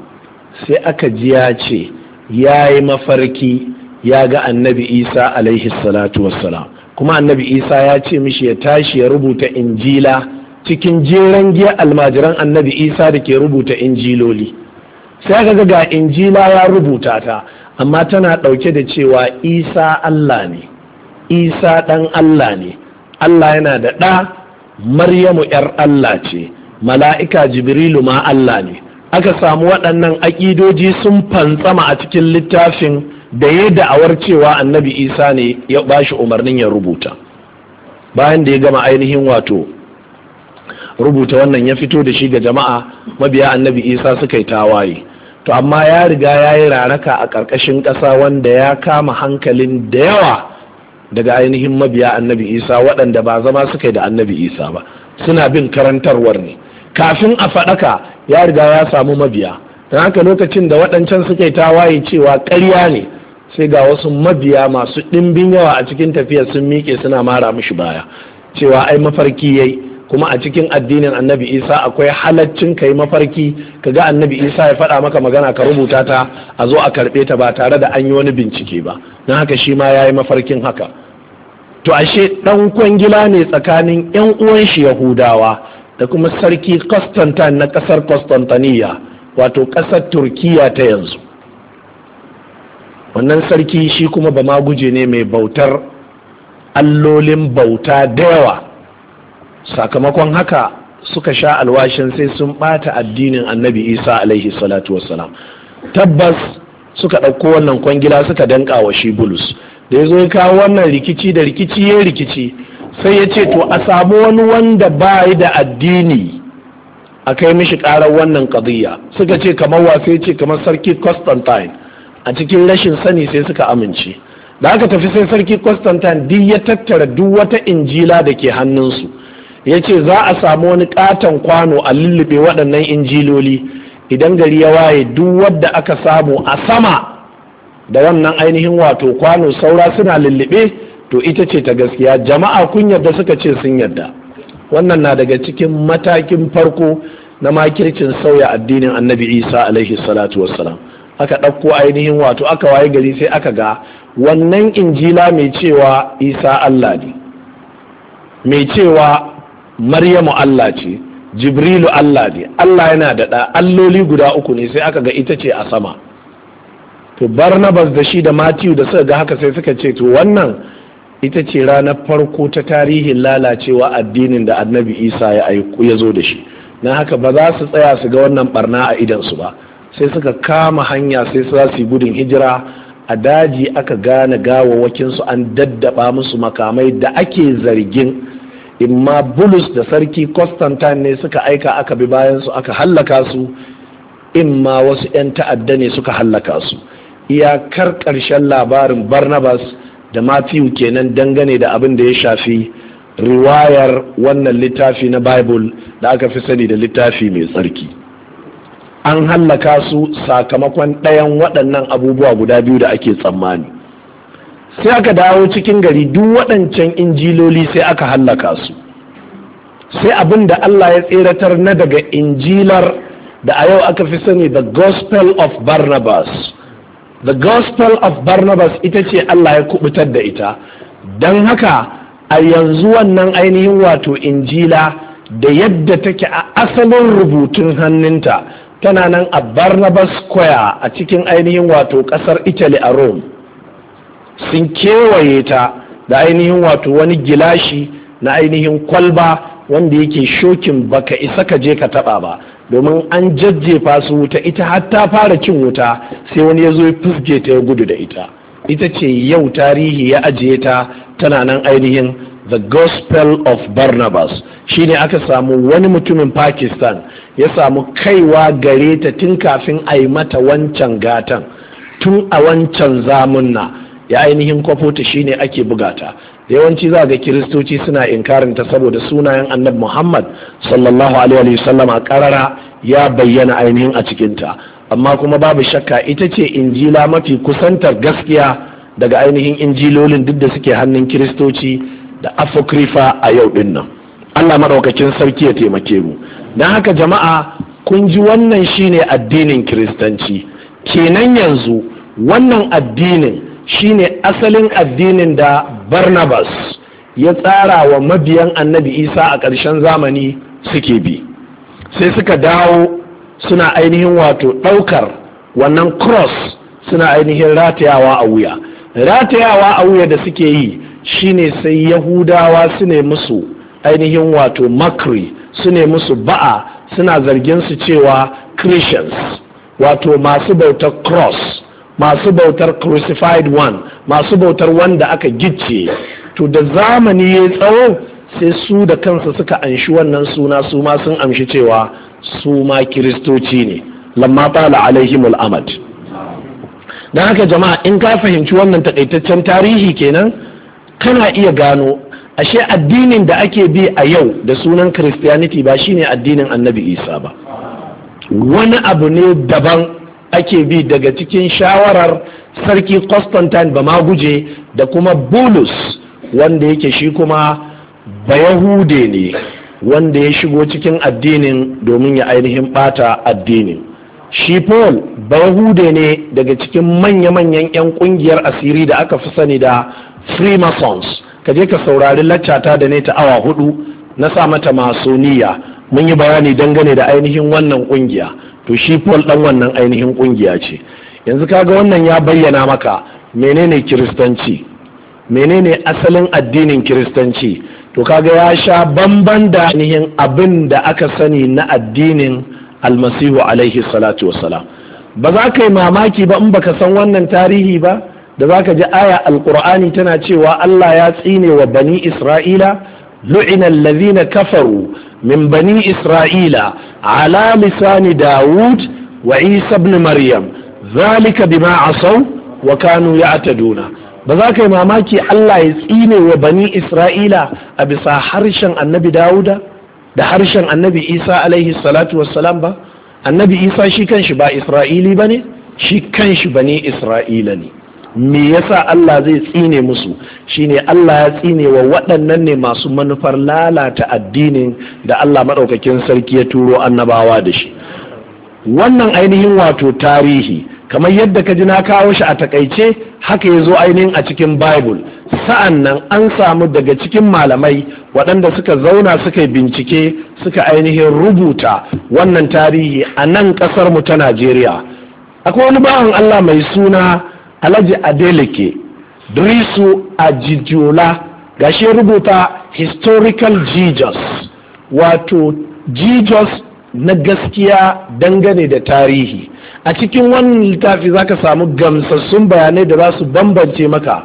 sai aka ji ya ce ya yi mafarki ya ga annabi isa alaihi salatu wassalam kuma annabi isa ya ce mishi ya tashi ya rubuta injila cikin jeren giya almajiran annabi isa da ke rubuta injiloli sai aka ga injila ya rubuta ta amma tana ɗauke da cewa isa allah ne isa ɗan allah ne allah yana da ɗa maryamu 'yar allah ce mala'ika jibrilu ma allah ne aka samu waɗannan aƙidoji sun fantsama a cikin littafin da ya da'awar cewa annabi isa ne ya bashi umarnin ya rubuta bayan da ya gama ainihin wato rubuta wannan ya fito da shi ga jama'a mabiya annabi isa suka yi tawaye to amma ya riga ya yi raraka a ƙarƙashin ƙasa wanda ya kama hankalin da yawa daga ainihin mabiya annabi isa waɗanda ba zama suka yi da annabi isa ba suna bin karantarwar ne kafin a faɗaka ya riga ya samu mabiya don haka lokacin da waɗancan suka yi tawaye cewa ƙarya ne sai ga wasu mabiya masu ɗimbin yawa a cikin tafiya sun miƙe suna mara mishi baya cewa ai mafarki yayi kuma a cikin addinin annabi isa akwai halaccin ka yi mafarki ka ga annabi isa ya faɗa maka magana ka rubuta ta a zo a karɓe ta ba tare da an yi wani bincike ba na haka shi ma ya yi mafarkin haka to ashe ɗan kwangila ne tsakanin yan uwan shi yahudawa da kuma sarki constantine na ƙasar constantiniya wato ƙasar turkiya ta yanzu wannan sarki shi kuma ba ma guje ne mai bautar allolin bauta da yawa sakamakon haka suka sha alwashin sai sun bata addinin annabi isa alaihi salatu wassalam tabbas suka ɗauko wannan kwangila suka danka wa shi bulus da ya zo kawo wannan rikici da rikici ya rikici sai ya ce to a samu wani wanda ba yi da addini a kai mishi ƙarar wannan ƙadiyya suka ce kamar wa ya ce kamar sarki constantine a cikin rashin sani sai suka amince da aka tafi sai sarki constantine duk ya tattara duk wata injila da ke hannunsu ya ce za a samu wani katon kwano a lullube waɗannan injiloli idan gari ya waye duk wadda aka samu a sama da wannan ainihin wato kwano saura suna lullube to ita ce ta gaskiya jama'a kun yadda suka ce sun yadda. wannan na daga cikin matakin farko na makircin sauya addinin annabi isa alaihi salatu wassalam aka ɗauko ainihin wato aka waye gari sai aka ga wannan injila mai cewa isa allah ne mai cewa maryamu allah ce jibrilu allah ne allah yana da ɗa alloli guda uku ne sai aka ga ita ce a sama to barnabas da shi da matiyu da suka ga haka sai suka ce to wannan ita ce ranar farko ta tarihin lalacewa addinin da annabi isa ya zo da shi na haka ba za su tsaya su ga wannan barna a idansu ba sai suka kama hanya sai su yi gudun hijira a daji aka gane gawawakinsu an daddaba musu makamai da ake zargin imma bulus da sarki constantine ne suka aika aka bi bayansu aka hallaka su imma wasu 'yan ta'adda ne suka hallaka su iyakar karshen labarin barnabas da matthew kenan dangane da abin da ya shafi riwayar wannan littafi na bible da aka fi sani da littafi mai tsarki an hallaka su sakamakon ɗayan waɗannan abubuwa guda biyu da ake tsammani sai aka dawo cikin gari duk waɗancan injiloli sai aka hallaka su sai abin da Allah ya tseratar na daga injilar da a yau aka fi sani the gospel of barnabas the gospel of barnabas ita ce Allah ya kubutar da ita don haka a yanzu wannan ainihin wato injila da yadda take a asalin rubutun hannunta tana nan a barnabas square a cikin ainihin wato ƙasar italy a rome sun kewaye ta da ainihin wato wani gilashi na ainihin kwalba wanda yake shokin baka isa ka je ka taɓa ba domin an jajjefa su wuta ita har ta fara cin wuta sai wani ya zo ya fuske ta ya gudu da ita ita ce yau tarihi ya ajiye ta tana nan ainihin the gospel of barnabas shine aka samu wani mutumin pakistan ya samu kaiwa gare ta tun kafin a yi mata wancan gatan tun a wancan zamunna ya ainihin kwafota shine ake bugata yawanci za ga kiristoci suna ta saboda sunayen annab muhammad sallallahu alaihi wasallam a karara ya bayyana ainihin a cikinta amma kuma babu shakka ita ce injila mafi kusantar gaskiya daga ainihin injilolin duk da suke hannun kiristoci da afokrifa a yau din nan Allah maɗaukacin sarki ya taimake mu don haka jama'a kun ji wannan shine addinin kiristanci kenan yanzu wannan addinin shine asalin addinin da barnabas ya tsara wa mabiyan annabi isa a ƙarshen zamani suke bi sai suka dawo suna ainihin wato ɗaukar wannan cross suna ainihin ratayawa a wuya ratayawa a wuya da suke yi shine sai yahudawa su ne musu ainihin wato makri su ne musu ba'a suna zargin su cewa christians wato masu bautar cross masu bautar crucified one masu bautar wanda aka gicce to da zamani ya tsawo sai su da kansa suka anshi wannan suna su ma sun amshi cewa su ma kiristoci ne lamma tala alaihimul amad don haka jama'a in ka fahimci wannan takaitaccen tarihi kenan kana iya gano ashe addinin da ake bi a yau da sunan christianity ba shine addinin annabi isa ba wani abu ne daban ake bi daga cikin shawarar sarki constantine ba maguje da kuma bulus wanda yake shi kuma bayahude ne wanda ya shigo cikin addinin domin ya ainihin bata addinin shi paul bayahude ne daga cikin manya-manyan 'yan kungiyar asiri da aka fi sani da freemasons ka je ka saurari laccata da ne ta awa hudu na sa mata masoniya mun yi bayani dangane da ainihin wannan kungiya to shi paul dan wannan ainihin kungiya ce yanzu kaga wannan ya bayyana maka menene kiristanci menene asalin addinin kiristanci to kaga ya sha bamban da ainihin abin da aka sani na addinin almasihu alaihi salatu wasalam ba za ka yi mamaki ba in baka san wannan tarihi ba da za ka ji aya alkur'ani tana cewa Allah ya tsine wa bani isra'ila lu'inan lazina kafaru min bani isra'ila ala lisani dawud wa isa ibn maryam zalika bima asau wa kanu ya'taduna ba za ka yi mamaki Allah ya tsine wa bani isra'ila a bisa harshen annabi dawuda da harshen annabi isa alaihi salatu wassalam ba annabi isa shi kanshi ba isra'ili ba ne shi kanshi bani isra'ila ne me yasa Allah zai tsine musu shine Allah ya tsine wa waɗannan ne masu manufar lalata addinin da Allah maɗaukakin sarki ya turo annabawa da shi wannan ainihin wato tarihi kamar yadda ka ji na kawo shi a takaice haka ya zo ainihin a cikin bible sa'an nan an samu daga cikin malamai waɗanda suka zauna suka bincike suka ainihin rubuta wannan tarihi a nan ƙasarmu ta najeriya akwai wani bawan allah mai suna alhaji adeleke drisu ajijula gashi rubuta historical jesus wato jesus na gaskiya dangane da tarihi a cikin wannan littafi zaka samu gamsassun bayanai da za su bambance maka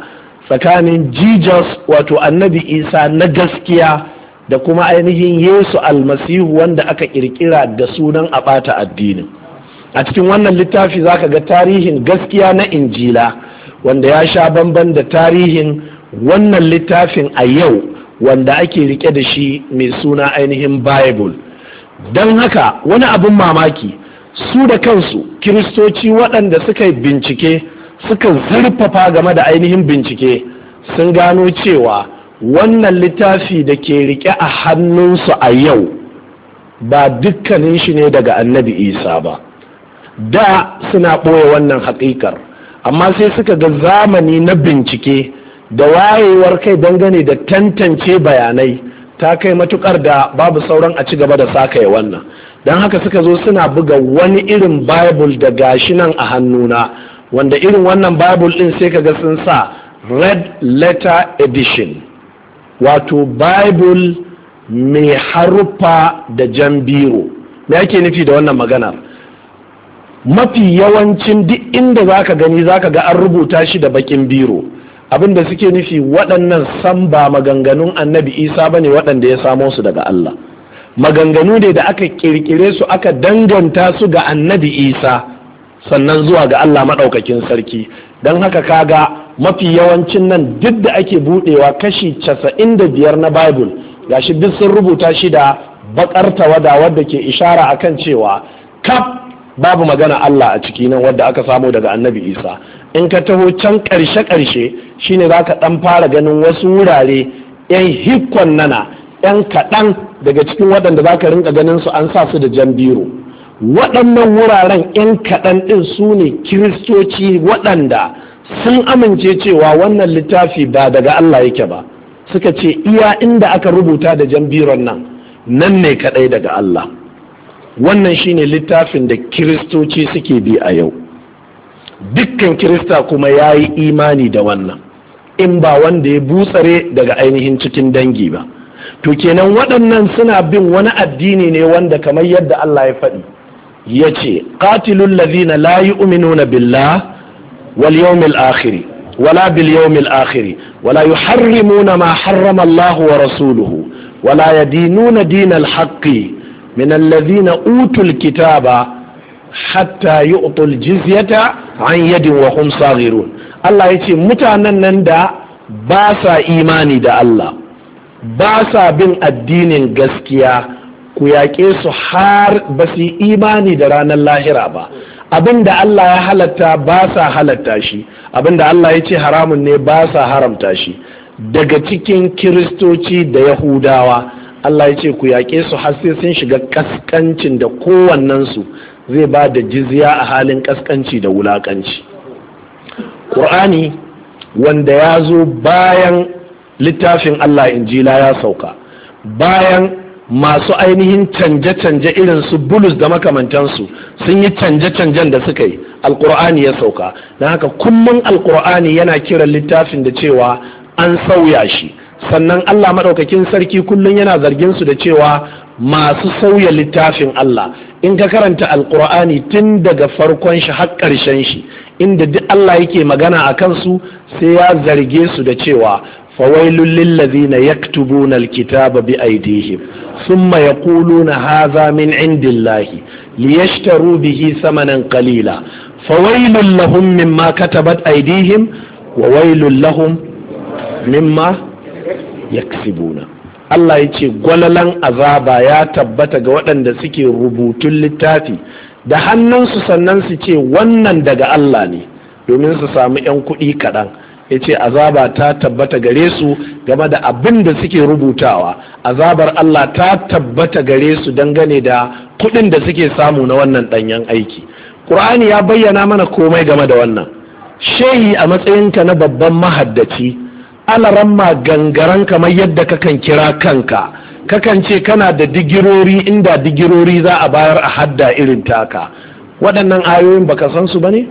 tsakanin jesus wato annabi isa na gaskiya da kuma ainihin yesu almasihu wanda aka kirkira da sunan a ɓata addinin a cikin wannan littafi ka ga tarihin gaskiya na injila wanda ya sha bamban da tarihin wannan littafin a yau wanda ake rike da shi mai suna ainihin bible don haka wani abin mamaki su da kansu kiristoci waɗanda suka yi bincike suka zurfafa game da ainihin bincike sun gano cewa wannan littafi da ke rike a hannunsu a yau ba dukkanin shi ne daga annabi isa ba da suna ɓoye wannan haƙiƙar amma sai suka ga zamani na bincike da wayewar kai dangane da tantance bayanai ta kai matukar da babu sauran a ci gaba da sakaye wannan don haka suka zo suna buga wani irin bible da gashi nan a hannuna wanda irin wannan bible ɗin sai ka ga sun sa red letter edition wato bible mai haruffa da jan biro me ake nufi da wannan maganar mafi yawancin duk inda za ka gani za ka ga an rubuta shi da bakin biro abinda suke nufi waɗannan san ba maganganun annabi isa ba ne waɗanda ya samo su daga Allah maganganu ne da aka ƙirƙire su aka danganta su ga annabi isa sannan zuwa ga Allah maɗaukakin sarki don haka kaga mafi yawancin nan duk da ake buɗewa kashi casa'in da biyar na bible gashi duk sun rubuta shi da baƙar tawada wadda ke ishara akan cewa kaf babu magana Allah a ciki nan wadda aka samu daga annabi isa in ka taho can ƙarshe ƙarshe shine za ka ɗan fara ganin wasu wurare 'yan hikkon nana 'yan kaɗan daga cikin waɗanda za ka rinka ganin su an sa su da jan biro waɗannan wuraren 'yan kaɗan ɗin su ne kiristoci waɗanda sun amince cewa wannan littafi ba daga Allah yake ba suka ce iya inda aka rubuta da jan biron nan nan ne kaɗai daga Allah. wannan shine littafin da kiristoci suke bi a yau dukkan kirista kuma ya yi imani da wannan in ba wanda ya butsare daga ainihin cikin dangi ba to kenan waɗannan suna bin wani addini ne wanda kamar yadda Allah ya faɗi ya ce ƙatilun lazina la na billah wal yawmil wala bil yawmil akhiri. wala yuharrimuna ma harrama Allah wa rasuluhu wala yadinuna dinal haqqi min allazina utul kitaba hatta yu'tul jizyata an yadin wa hum saghirun Allah yace mutanen nan da ba sa imani da Allah ba sa bin addinin gaskiya ku yaƙe su har ba su imani da ranar lahira ba abin da Allah ya halatta ba sa halatta shi abin da Allah ya ce haramun ne ba sa haramta shi daga cikin kiristoci da yahudawa Allah ya ce ku yaƙe su har sai sun shiga kaskancin da kowannensu zai ba da jizya a halin kaskanci da wulaƙanci. ƙur'ani wanda ya zo bayan littafin Allah injila ya sauka bayan masu ainihin canje-canje irin su bulus da makamantansu sun yi canje-canjen da suka yi alkur'ani ya sauka don haka kullum alkur'ani yana kiran littafin da cewa an sauya shi sannan Allah maɗaukakin sarki kullum yana zargin su da cewa masu sauya littafin Allah in ka karanta alkur'ani tun daga farkon shi har ƙarshen shi inda duk Allah yake magana a kansu sai ya zarge su da cewa fawailul lillazina yaktubuna alkitaba bi aydihim thumma yaquluna hadha min indillahi liyashtaru bihi samanan qalila fawailul lahum mimma katabat aydihim wa wailul lahum mimma yaksibuna Allah ya ce gwalalan azaba ya tabbata ga waɗanda suke rubutun littafi da hannunsu sannan su ce wannan daga Allah ne domin su samu 'yan kuɗi kaɗan ya ce azaba ta tabbata gare su game da abin da suke rubutawa azabar Allah ta tabbata gare su dangane da kuɗin da suke samu na wannan ɗanyen aiki ƙur'ani ya bayyana mana komai game da wannan shehi a matsayinka na babban mahaddaci alaran ma gangaran kamar yadda kakan kira kanka kakan ce kana da digirori inda digirori za a bayar a hadda irin taka waɗannan ayoyin baka san su bane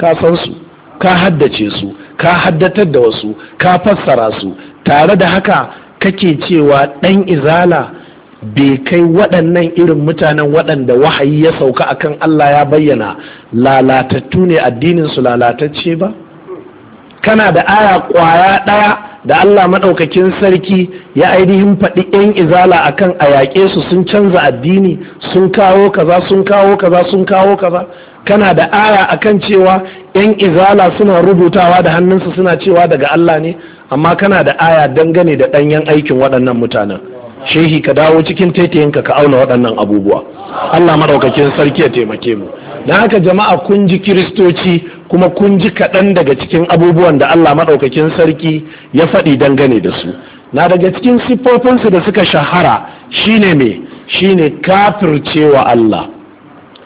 ka san su ka haddace su ka haddatar da wasu ka fassara su tare da haka kake cewa ɗan izala bai kai waɗannan irin mutanen waɗanda wahayi ya sauka akan Allah ya bayyana lalatattu ne addinin su lalatacce ba? kana da aya kwaya ɗaya da Allah maɗaukakin sarki ya ainihin faɗi 'yan izala a kan a yaƙe su sun canza addini sun kawo kaza sun kawo kaza sun kawo kaza kana da aya a kan cewa 'yan izala suna rubutawa da hannunsu suna cewa daga Allah ne amma kana da aya dangane da ɗanyen aikin waɗannan mutanen shehi ka dawo cikin taitayinka ka auna waɗannan abubuwa Allah maɗaukakin sarki ya taimake mu da haka jama'a kun ji kiristoci kuma kun ji kaɗan daga cikin abubuwan da allah maɗaukakin sarki ya faɗi dangane da su na daga cikin siffofinsu da suka shahara shine me shine kafircewa allah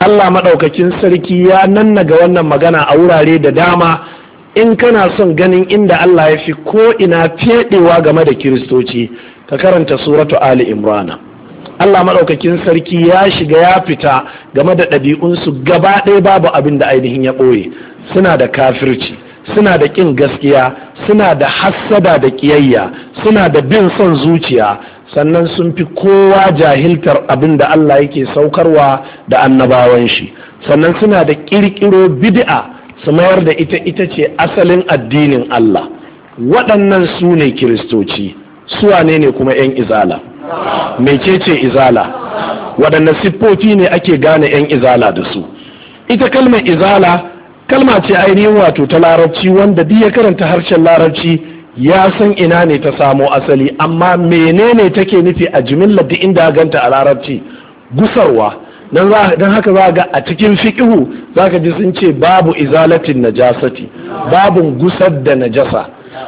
allah maɗaukakin sarki ya ga wannan magana a wurare da dama in kana son ganin inda allah ya fi ko ina feɗewa game da kiristoci ka karanta suratu ali imrana Allah maɗaukakin sarki ya shiga ya fita game da ɗabi'unsu gaba ɗaya babu abin da ainihin ya ɓoye suna da kafirci suna da ƙin gaskiya suna da hassada da ƙiyayya suna da bin son zuciya sannan sun fi kowa jahiltar abin da Allah yake saukarwa da annabawan shi sannan suna da ƙirƙiro bid'a su mayar da ita ita ce asalin addinin Allah waɗannan su ne kiristoci su ne kuma 'yan izala mecece izala waɗanne siffofi ne ake gane 'yan izala da su ita kalmar izala kalma ce ainihin wato ta larabci wanda duk ya karanta harshen larabci ya san ina ne ta samo asali amma menene take nufi a jimillar da inda ganta a larabci gusarwa don haka za ga a cikin fiƙihu za ka ji sun ce babu izalatin najasati babu gusar da najasa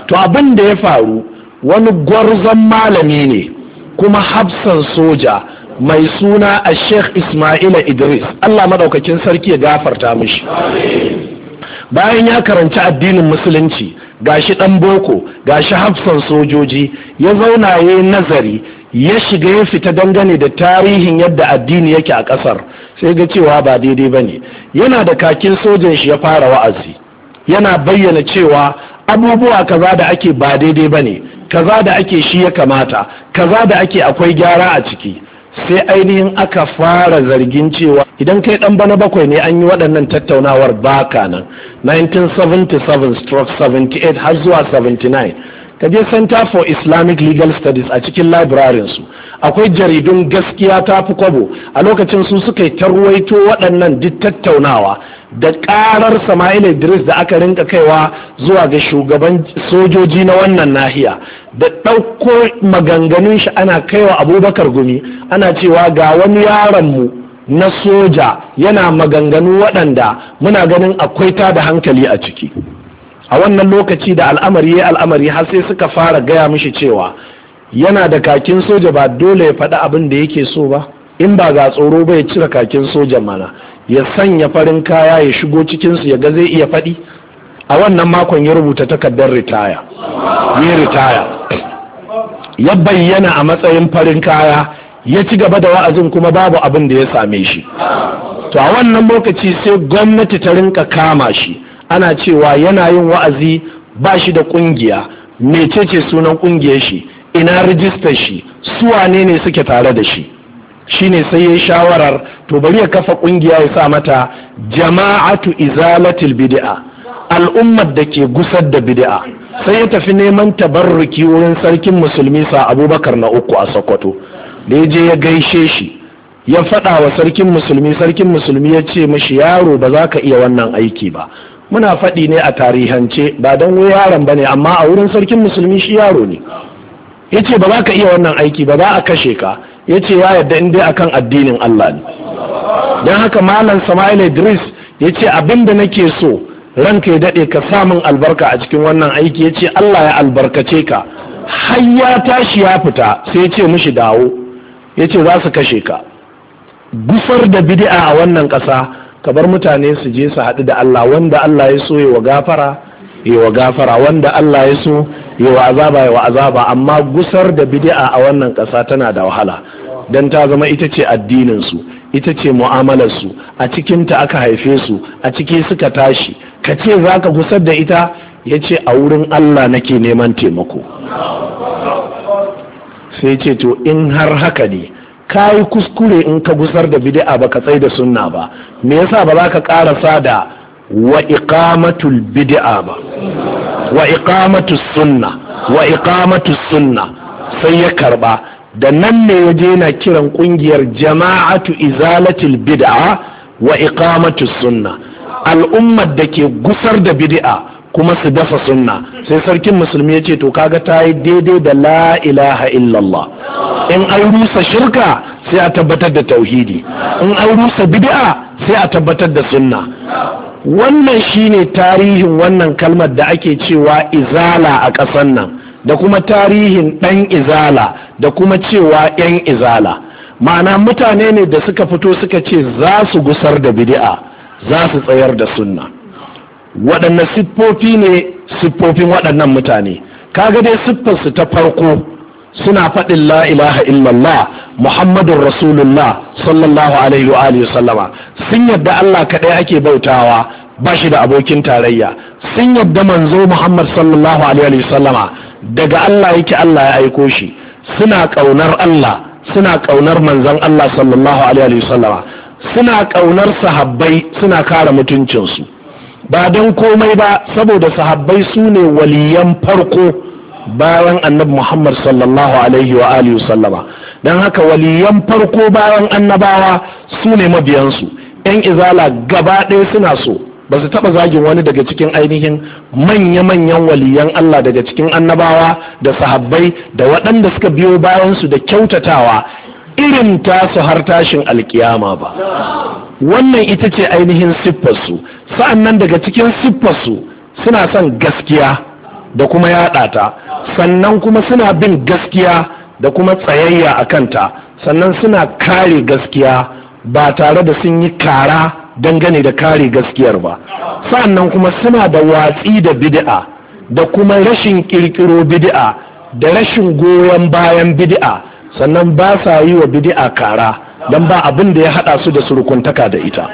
to abin da ya faru wani gwarzon malami ne kuma hafsan soja mai suna a sheikh ismaila idris allah madaukakin sarki ya gafarta mishi bayan ya karanci addinin musulunci gashi dan boko gashi hafsan sojoji ya zauna ya yi nazari ya shiga ya fita dangane da tarihin yadda addini yake a kasar sai ga cewa ba daidai ba ne yana da kakin sojan shi ya fara wa'azi yana bayyana cewa abubuwa kaza da ake ba daidai ba ne kaza da ake shi ya kamata kaza da ake akwai gyara a ciki sai ainihin aka fara zargin cewa idan kai dan bana bakwai ne an yi waɗannan tattaunawar baka nan 1977-78 har zuwa 79 kaje center for islamic legal studies a cikin su akwai jaridun gaskiya ta fi kwabo a lokacin su suka yi tarwaito waɗannan duk tattaunawa da karar sama'il idris da aka rinka kaiwa zuwa ga shugaban sojoji na wannan nahiya da ɗauko maganganun shi ana kaiwa abubakar gumi ana cewa ga wani yaron mu na soja yana maganganu waɗanda muna ganin akwai ta da hankali a ciki a wannan lokaci da al'amari ya al'amari har sai suka fara gaya mishi cewa yana da kakin soja ba dole ya faɗi abin da yake so ba in ba ga tsoro ba ya cire kakin sojan mana ya sanya farin kaya ya shigo cikinsu ya ga zai iya faɗi a wannan makon ya rubuta takardar ritaya ya ritaya ya bayyana a matsayin farin kaya ya ci gaba da wa'azin kuma babu abin da ya same shi to a wannan lokaci sai gwamnati ta rinka kama shi ana cewa yana yin wa'azi ba shi da kungiya mecece sunan kungiyar shi ina rijistar shi suwane ne suke tare da shi Shi ne sai ya shawarar to bari ya kafa kungiya ya sa mata jama'atu izalatil bid'a al'ummar da ke gusar da bid'a sai ya tafi neman tabarruki wurin sarkin musulmi sa abubakar na uku a sokoto da ya je ya gaishe shi ya faɗa wa sarkin musulmi sarkin musulmi ya ce mashi yaro ba za ka iya wannan aiki ba muna faɗi ne a tarihance ba don wai yaron ba ne amma a wurin sarkin musulmi shi yaro ne ya ce ba za ka iya wannan aiki ba za a kashe ka ya ce ya yarda in a kan addinin Allah ne don haka malam Sama'il Idris ya ce abin da nake so ranka ya daɗe ka samun albarka a cikin wannan aiki ya ce Allah ya albarkace ka har ya tashi ya fita sai ya ce mushi dawo ya ce za su kashe ka gusar da bid'a a wannan ƙasa ka bar mutane su je su haɗu da Allah wanda Allah ya so ya wa gafara yi wa gafara wanda Allah ya so yi wa azaba yi wa azaba amma gusar da bid'a a wannan ƙasa tana da wahala don ta zama ita ce addininsu ita ce mu'amalarsu a cikinta aka haife su a ciki suka tashi ka ce za ka gusar da ita ya ce a wurin Allah nake neman taimako sai ce to in har haka ne ka yi kuskure in ka gusar da bid'a ba ka tsaye da sunna ba me yasa ba za ka ƙarasa da wa iqamatul bid'a ba wa sunna wa iqamatus sunna sai ya karba da nan ne ya je na kiran ƙungiyar jama'atu izalatul bid'a wa sunna al'ummar da ke gusar da bid'a kuma su dafa sunna sai sarkin musulmi ya ce to kaga ta yi daidai da la ilaha illallah in an rusa shirka sai a tabbatar da tauhidi in an rusa bid'a sai a tabbatar da sunna wannan shine tarihin wannan kalmar da ake cewa izala a ƙasar nan da kuma tarihin ɗan izala da kuma cewa 'yan izala ma'ana mutane ne da suka fito suka ce za su gusar da bidi'a za su tsayar da sunna waɗanne siffofi ne siffofin waɗannan mutane kaga dai siffarsu ta farko suna faɗin la ilaha illallah muhammadun rasulullah sallallahu alaihi wa alihi sallama sun yadda Allah kaɗai ake bautawa ba shi da abokin tarayya sun yadda manzo muhammad sallallahu alaihi wa sallama daga Allah yake Allah ya aiko shi suna ƙaunar Allah suna ƙaunar manzon Allah sallallahu alaihi wa sallama suna ƙaunar sahabbai suna kare mutuncinsu ba don komai ba saboda sahabbai su ne waliyan farko bayan annabi muhammad sallallahu alaihi wa alihi sallama don haka waliyan farko bayan annabawa su ne mabiyansu yan izala gaba ɗaya suna so ba su taɓa zagin wani daga cikin ainihin manya-manyan waliyan Allah daga cikin annabawa da sahabbai da waɗanda suka biyo bayansu da kyautatawa irin tasu har tashin alkiyama ba wannan ita ce ainihin siffarsu sa'an nan daga cikin siffarsu suna son gaskiya da kuma yaɗa ta sannan kuma suna bin gaskiya da kuma tsayayya a kanta sannan suna kare gaskiya ba tare da sun yi kara dangane da kare gaskiyar ba sannan kuma suna da watsi da bid'a da kuma rashin kirkiro bid'a da rashin goyon bayan bid'a sannan ba sa yi wa bid'a kara don ba abin da ya haɗa su da surukuntaka da ita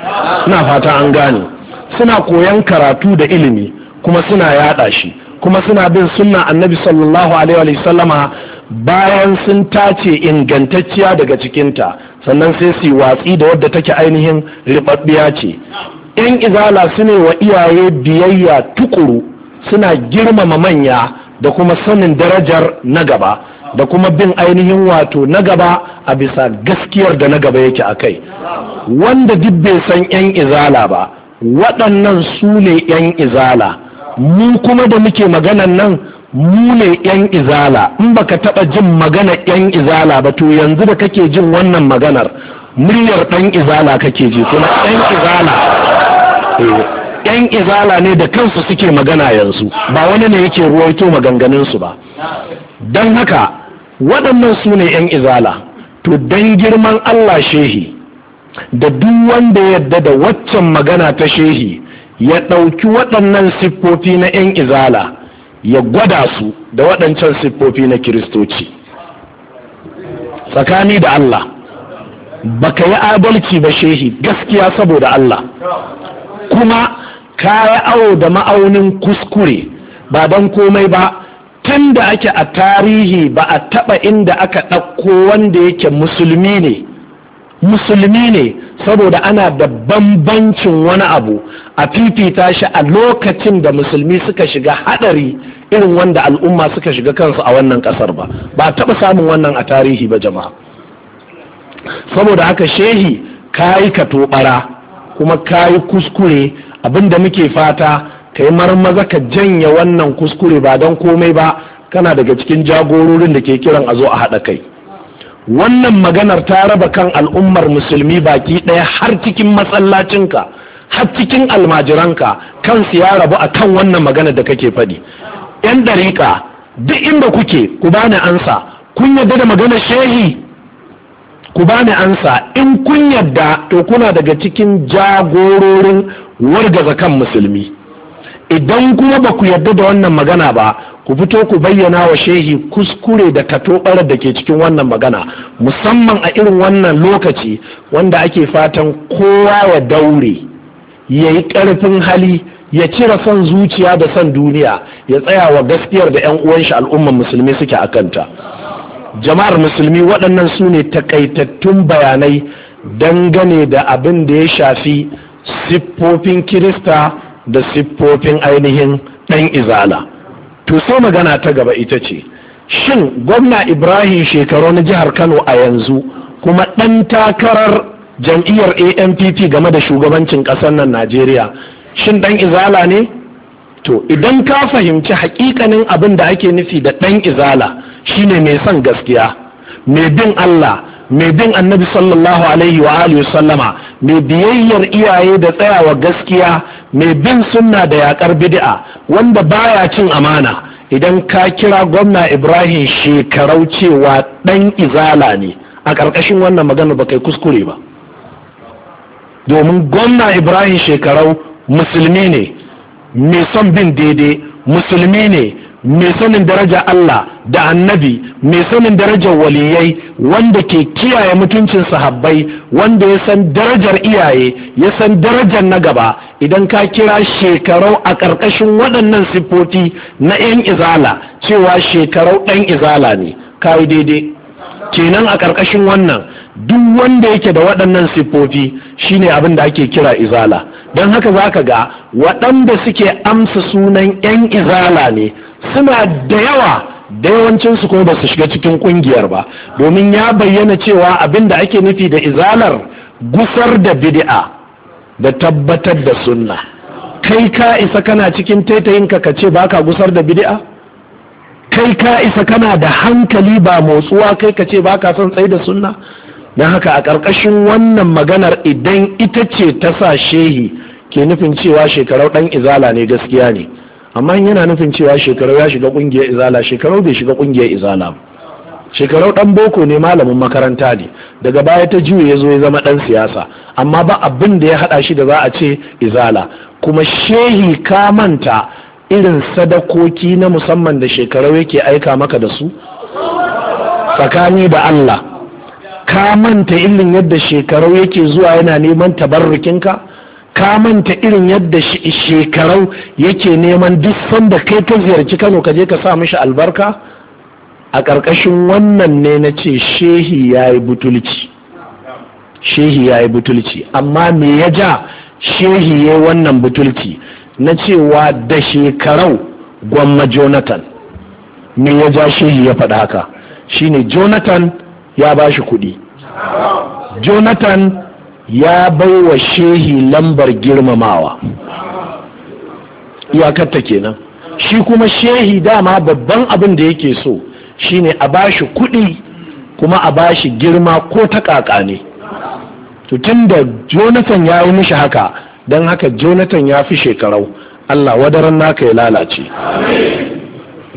ina fata an gane suna koyan karatu da ilimi kuma suna yada shi kuma suna bin sunna annabi sallallahu alaihi sallama bayan sun tace ingantacciya daga cikinta sannan sai su watsi da wadda take ainihin ribabbiya ce yan izala su ne wa iyaye biyayya tukuru suna girmama manya da kuma sanin darajar na gaba da kuma bin ainihin wato na gaba a bisa gaskiyar da na gaba yake a kai wanda duk bai san yan izala ba waɗannan su ne yan izala mu kuma da muke maganan nan mu ne yan izala in baka taɓa jin magana yan izala ba to yanzu da kake jin wannan maganar muryar dan izala kake ji kuma yan izala yan eh, izala ne da kansu suke magana yanzu ba wani ne yake ruwaito maganganun su ba don haka waɗannan su ne yan izala to dan girman Allah shehi da duk wanda yadda da waccan magana ta shehi ya ɗauki waɗannan siffofi na 'yan izala ya gwada su da waɗancan siffofi na kiristoci tsakani da Allah ba ka yi adalci ba shehi gaskiya saboda Allah kuma ka yi awo da ma'aunin kuskure ba don komai ba tun da ake a tarihi ba a taɓa inda aka ɗauko wanda yake musulmi ne musulmi ne saboda ana da bambancin wani abu a fifita shi a lokacin da musulmi suka shiga hadari irin wanda al'umma suka shiga kansu a wannan kasar ba ba taɓa samun wannan a tarihi ba jama'a saboda haka shehi kayi ka tobara kuma kayi kuskure abinda muke fata ka yi marmaza ka janye wannan kuskure ba don komai ba kana daga cikin jagororin da ke kiran a zo a haɗa kai wannan maganar ta raba kan al'ummar musulmi baki ɗaya har cikin matsallacinka har cikin almajiranka kansu ya rabu a kan wannan maganar da kake faɗi yan ɗariƙa duk inda kuke ku bani ansa kun yadda da magana shehi ku bani ansa in kun yadda to kuna daga cikin jagororin wargaza kan musulmi idan kuma ba ku yadda da wannan magana ba ku fito ku bayyana wa shehi kuskure da katobar da ke cikin wannan magana musamman a irin wannan lokaci wanda ake fatan kowa ya daure ya yi ƙarfin hali ya cire son zuciya da son duniya ya tsaya wa gaskiyar da 'yan uwanshi al'umman musulmi suke a kanta jama'ar musulmi waɗannan su ne takaitattun bayanai dangane da abin da ya shafi siffofin kirista da siffofin ainihin ɗan izala to sai magana ta gaba ita ce shin gwamna ibrahim shekaru na jihar kano a yanzu kuma ɗan takarar jam'iyyar ampp game da shugabancin ƙasar nan najeriya shin ɗan izala ne to idan ka fahimci hakikanin abin da ake nufi da ɗan izala shine mai son gaskiya mai bin allah mai bin annabi sallallahu alaihi wa alihi sallama mai biyayyar iyaye da tsayawa gaskiya mai bin sunna da yakar bid'a wanda baya cin amana idan ka kira gwamna ibrahim shekarau cewa dan izala ne a ƙarƙashin wannan magana ba kai kuskure ba domin gwamna ibrahim shekarau musulmi ne mai son bin daidai musulmi ne mai sanin daraja Allah da annabi mai sanin darajar waliyai wanda ke kiyaye mutuncin sahabbai wanda ya san darajar iyaye ya san darajar na gaba idan ka kira shekarau a ƙarƙashin waɗannan siffofi na 'yan izala cewa shekarau ɗan izala ne kai daidai kenan a ƙarƙashin wannan duk wanda yake da waɗannan siffofi shine abin da ake kira izala don haka za ka ga waɗanda suke amsa sunan 'yan izala ne suna da yawa da yawancinsu kuma ba su shiga cikin ƙungiyar ba domin ya bayyana cewa abin da ake nufi da izalar gusar da bid'a da tabbatar da sunna kai ka isa kana cikin taitayinka ka ce baka gusar da bid'a kai ka isa kana da hankali ba motsuwa kai ka ce baka son tsaye da sunna don haka a ƙarƙashin wannan maganar idan ita ce ta sa shehi ke nufin cewa shekarau ɗan izala ne gaskiya ne amma yana nufin cewa shekarau ya shiga ƙungiyar izala shekarau bai shiga ƙungiyar izala shekarau ɗan boko ne malamin makaranta ne daga baya ta juye ya zo ya zama ɗan siyasa amma ba abin da ya haɗa shi da za a ce izala kuma shehi ka manta irin sadakoki na musamman da shekarau yake aika maka da su tsakani da Allah ka manta irin yadda shekarau yake zuwa yana neman tabarrukinka ka manta irin yadda shekarau yake neman duk sanda kai ka ziyarci kano ka je ka sa mishi albarka a ƙarƙashin wannan ne na ce shehi ya yi butulci shehi ya yi butulci amma me ya ja shehi ya yi wannan butulci na cewa da shekarau gwamma jonathan me ya ja shehi ya faɗa haka shine jonathan ya ba shi kuɗi jonathan ya bai wa shehi lambar girmamawa iyakarta kenan shi kuma shehi dama babban abin da yake so shi ne a ba shi kuɗi kuma a ba shi girma ko ta ƙaƙa ne tun da jonathan ya yi mishi haka don haka jonathan ya fi shekarau allah wadaran naka ya lalace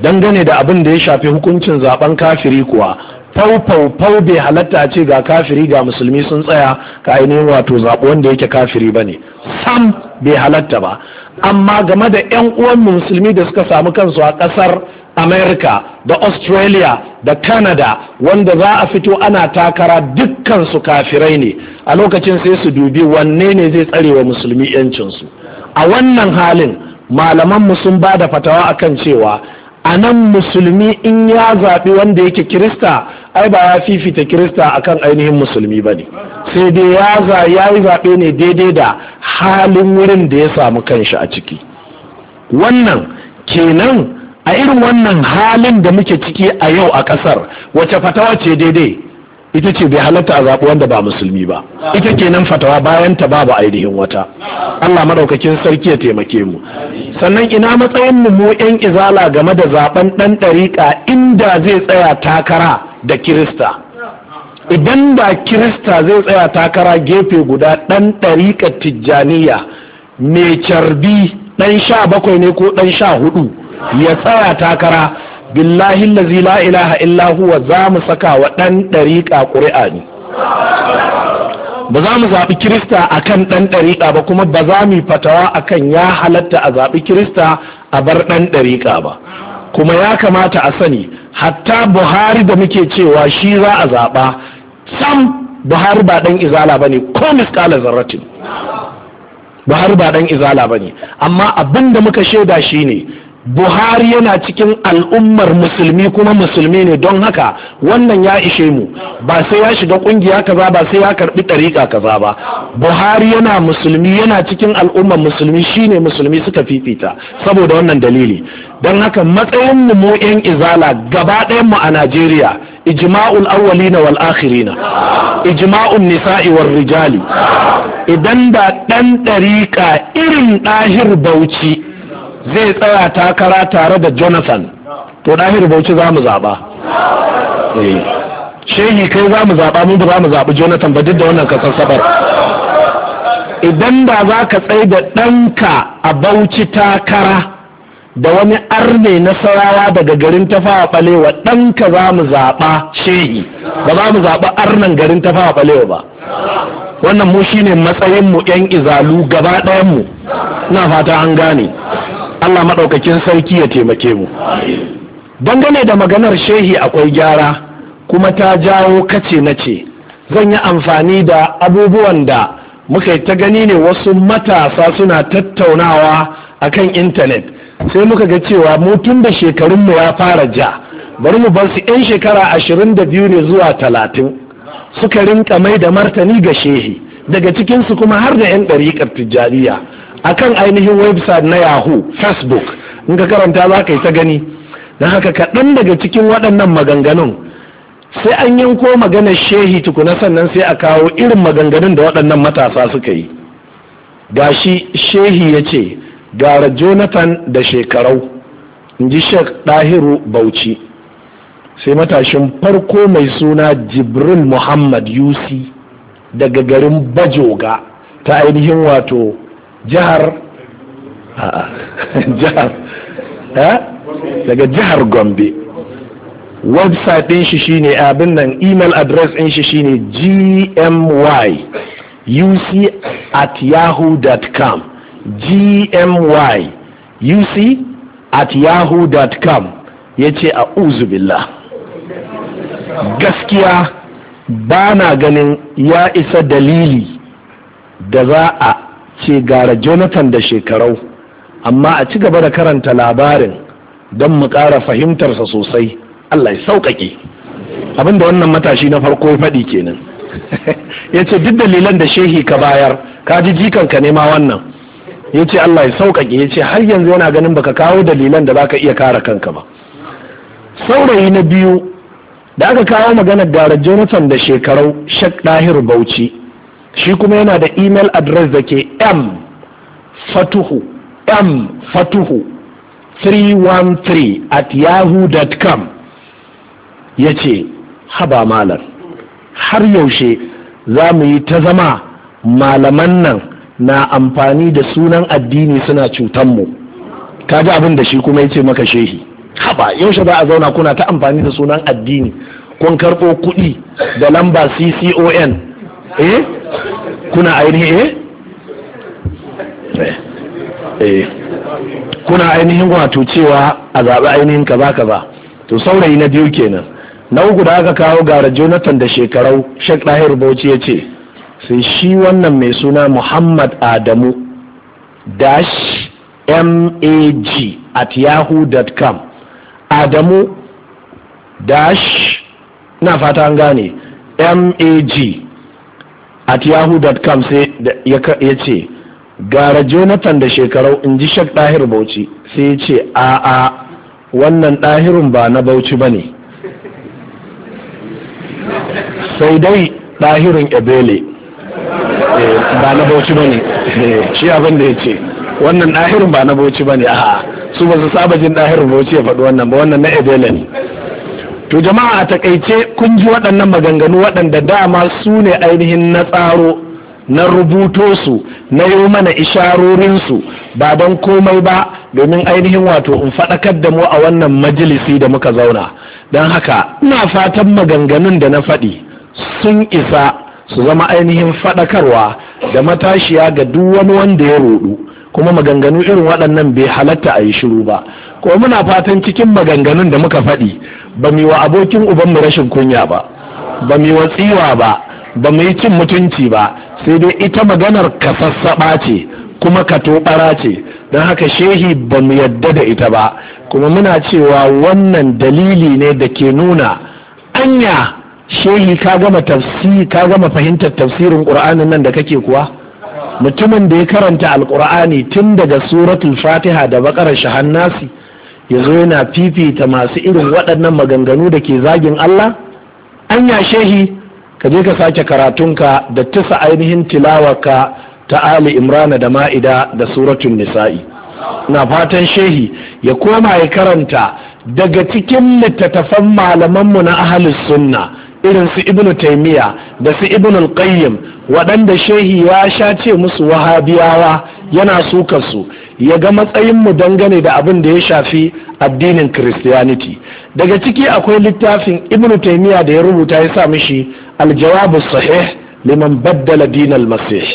dangane da abin da ya shafi hukuncin zaben kafiri kuwa fau bai halatta a ce ga kafiri ga musulmi sun tsaya ka ainihin wato zaɓo wanda yake kafiri ba ne sam bai halatta ba amma game da 'yan uwan musulmi da suka samu kansu a ƙasar america da australia da canada wanda za a fito ana takara dukkan su kafirai ne a lokacin sai su dubi wanne ne zai tsare wa musulmi 'yancinsu a wannan halin malamanmu sun ba da fatawa akan cewa a nan musulmi in ya zaɓi wanda yake kirista ai ba ya fifita kirista akan ainihin musulmi ba ne sai dai ya za yi zaɓe ne daidai da halin wurin da ya samu kanshi a ciki wannan kenan a irin wannan halin da muke ciki a yau a ƙasar wace fatawa ce daidai ita ce bai halatta a zaɓi wanda ba musulmi ba ita kenan fatawa bayan ta babu ainihin wata Allah maɗaukakin sarki ya taimake mu sannan ina matsayin mu mu yan izala game da zaben ɗan ɗariƙa inda zai tsaya takara da kirista idan ba kirista zai tsaya takara gefe guda ɗan ɗariƙa tijjaniya mai carbi ɗan sha bakwai ne ko ɗan sha hudu ya tsaya takara billahi allazi la ilaha illa huwa za mu saka wa ɗan ɗariƙa ƙuri'a ne ba za mu zaɓi kirista a kan ɗan ɗariƙa ba kuma ba za mu fatawa a kan ya halatta a zaɓi kirista a bar ɗan ɗariƙa ba kuma ya kamata a sani hatta buhari da muke cewa shi za a zaɓa sam buhari ba ɗan izala ba ne ko miskala zarratin buhari ba ɗan izala ba ne amma abin da muka shaida shi ne buhari yana cikin al'ummar musulmi kuma musulmi ne don haka wannan ya ishe mu ba sai ya shiga kungiya kaza ba sai ya karbi ɗariƙa kaza ba buhari yana musulmi yana cikin al'ummar musulmi shine musulmi suka fifita saboda wannan dalili don haka matsayin mu mu yan izala gaba ɗayan mu a najeriya ijma'ul na wal akhirina ijma'un nisa'i war rijali idan da ɗan ɗariƙa irin ɗahir bauchi zai tsaya takara tare da jonathan to hiru bauchi za mu zaɓa eh. shehi kai za mu zaɓa mun ba za mu zaɓi jonathan ba duk da wannan kasar sabar idan ba za ka tsaye da ɗanka a bauchi takara da wani arne na sarawa daga garin a balewa ɗanka za mu zaɓa shehi ba za mu zaɓa arnan garin a balewa ba wannan mu shine matsayinmu 'yan izalu gaba ɗayanmu ina fata an gane Allah maɗaukakin sarki ya taimake mu dangane da maganar shehi akwai gyara kuma ta jawo kace na ce zan yi amfani da abubuwan da muka yi ta gani ne wasu matasa suna tattaunawa a kan intanet sai muka ga cewa mutum da shekarunmu ya fara ja bari mu bar su 'yan shekara ashirin da biyu ne zuwa talatin suka rinka mai da martani ga shehi daga cikinsu kuma har da 'yan ɗariƙar tijjariya. akan ainihin website na yahoo facebook in ka karanta za ka yi ta gani don haka kaɗan daga cikin waɗannan maganganun sai an yanko maganar shehi tukuna sannan sai a kawo irin maganganun da waɗannan matasa suka yi Ga shi shehi ya ce gara jonathan da shekarau in ji shek ɗahiru bauchi sai matashin farko mai suna jibril muhammad yusi daga garin bajoga ta ainihin wato jihar jihar daga jihar gombe website din shi shine abin nan email address din shi shine gmy at yahoo.com gmy at yahoo.com ya ce a uzubillah gaskiya ba na ganin ya isa dalili da za a ce gara jonathan da shekarau amma a ci gaba da karanta labarin don mu ƙara fahimtarsa sosai allah ya sauƙaƙe abinda wannan matashi na farko faɗi kenan ya ce duk dalilan da shehi ka bayar ka ji jikanka ne nema wannan ya ce allah ya sauƙaƙe ya ce har yanzu yana ganin baka kawo dalilan da baka iya kara kanka ba saurayi na biyu da aka kawo maganar gara jonathan da shekarau shek ɗahir bauchi shi kuma yana da email address da ke m fatuhu m fatuhu 313 at yahoo.com ya ce haba malar har yaushe za mu yi ta zama malaman nan na amfani da sunan addini suna cutanmu kaji abin da shi kuma ya ce maka shehi haba yaushe za a zauna kuna ta amfani da sunan addini kun karɓo kuɗi da lamba ccon eh kuna ainihin eh? eh eh kuna ainihin wato cewa a zaɓi ainihin kaza kaza to saurayi na biyu kenan na uku da aka kawo gara jonathan da shekarau shek ɗahir bauchi ya ce sai shi wannan mai suna muhammad adamu dash mag at yahoo.com adamu dash na fata an gane mag at yahoo.com sai ya ce gara jonathan da shekarau in ji shak ɗahir bauchi sai ya ce a a wannan ɗahirin ba na bauchi ba ne sai dai ɗahirin ebele eh, ba na bauchi ba ne eh, shi abin da ya ce wannan ɗahirin ba na bauchi ba ne a su ba su saba jin ɗahirin bauchi ya faɗi wannan ba wannan na ebele ne to jama'a a takaice kun ji waɗannan maganganu waɗanda dama su ne ainihin na tsaro na rubuto su na yi mana isharorinsu ba don komai ba domin ainihin wato in faɗakar da mu a wannan majalisi da muka zauna don haka ina fatan maganganun da na faɗi sun isa su zama ainihin faɗakarwa da matashiya ga duk wani wanda ya rudu kuma maganganu irin waɗannan bai halatta a yi shiru ba ko muna fatan cikin maganganun da muka faɗi ba mu wa abokin ubanmu rashin kunya ba ba mu wa tsiwa ba ba mu yi cin mutunci ba sai dai ita maganar ka sassaɓa ce kuma ka toɓara ce don haka shehi ba mu yadda da ita ba kuma muna cewa wannan dalili ne da ke nuna anya shehi ka gama tafsiri ka gama fahimtar tafsirin ƙur'anin nan da kake kuwa mutumin da ya karanta alƙur'ani tun daga suratul fatiha da bakarar shahannasi ya zo yana fifita masu irin waɗannan maganganu da ke zagin Allah an ya shehi ka je ka sake karatunka da tusa ainihin tilawarka ta Ali Imrana da Ma'ida da suratun Nisa'i na fatan shehi ya koma ya karanta daga cikin littattafan malamanmu na ahalus sunna irin su Ibn taimiya da su ibn qayyim waɗanda shehi ya sha ce musu wahabiyawa yana suka su ya ga matsayinmu dangane da abin da ya shafi addinin christianity daga ciki akwai littafin Ibn taimiya da ya rubuta ya sa mishi aljawabu sahih liman baddala dinal masih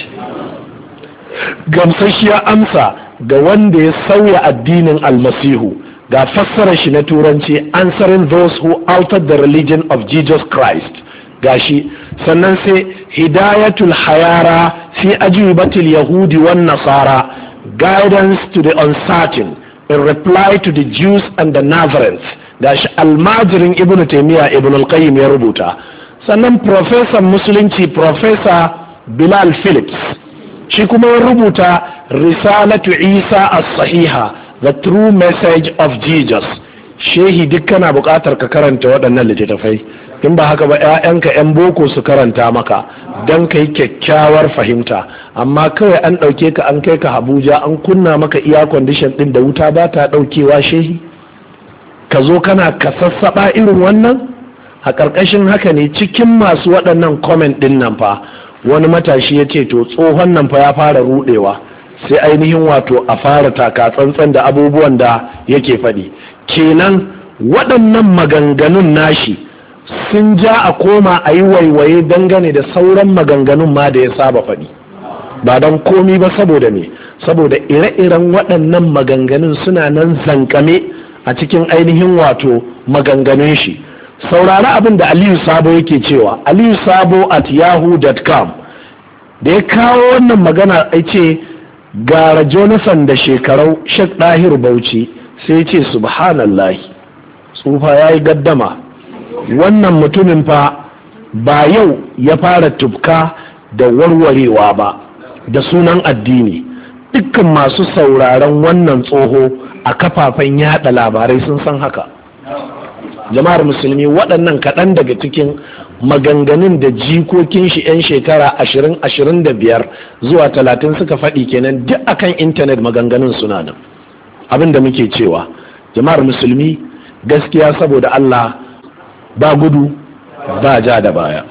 gamsasshiyar amsa ga wanda ya sauya addinin almasihu ga fassarar shi na turanci answering those who altered the religion of jesus christ gashi sannan sai hidayatul hayara fi ajibatil yahudi wan nasara guidance to the uncertain in reply to the jews and the nazarenes gashi almajirin ibnu taimiyya ibn al-qayyim ya rubuta sannan professor musulunci profesa bilal phillips shi kuma ya rubuta risalatu isa as-sahiha the true message of jesus shehi duk kana buƙatar ka karanta waɗannan littattafai in ba haka ba 'ya'yanka 'yan boko su karanta maka don ka kyakkyawar fahimta amma kawai an ɗauke ka an kai ka Habuja an kunna maka iya kwandishan ɗin da wuta ba ta ɗaukewa shehi ka zo kana ka sassaɓa irin wannan a ƙarƙashin haka ne cikin masu waɗannan comment ɗin nan fa wani matashi ya ce to tsohon nan fa ya fara ruɗewa sai ainihin wato a fara taka tsantsan da abubuwan da yake faɗi kenan waɗannan maganganun nashi sun ja a koma a yi waiwaye dangane da sauran maganganun ma da ya saba faɗi ba don komi ba saboda me saboda ire-iren waɗannan maganganun suna nan zankame a cikin ainihin wato maganganun shi saurari abin da aliyu sabo yake cewa aliyu sabo at yahoo.com da ya kawo wannan magana ya ce gara jonathan da shekarau shek ɗahir bauchi sai ce subhanallahi tsufa ya yi gaddama wannan mutumin fa ba yau ya fara tubka da warwarewa ba da sunan addini dukkan masu sauraron wannan tsoho a kafafen yada labarai sun san haka jama'ar musulmi waɗannan kaɗan daga cikin maganganun da jikokin shi 'yan shekara da biyar zuwa talatin suka faɗi kenan duk akan intanet maganganun suna nan abin da muke cewa jama'ar musulmi gaskiya saboda allah ba gudu ba ja da baya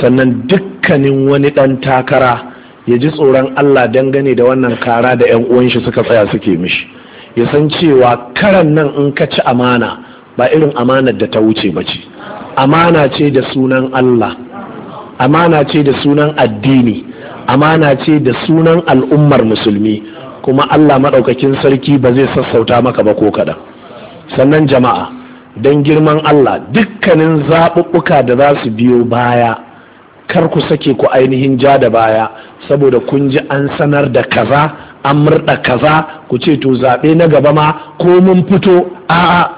sannan dukkanin wani ɗan takara ya ji tsoron allah dangane da wannan kara da 'yan uwan shi suka tsaya suke mishi ya san cewa karan nan in ka ci amana ba irin amanar da ta wuce ba ce amana ce da sunan Allah amana ce da sunan addini amana ce da sunan al'ummar musulmi kuma Allah maɗaukakin sarki ba zai sassauta maka ba ko kaɗan sannan jama'a don girman Allah dukkanin zaɓuɓɓuka da za su biyo baya kar ku sake ku ainihin ja da baya saboda kun ji an sanar da kaza an murɗa kaza ku ce to zaɓe na gaba ma ko mun fito a'a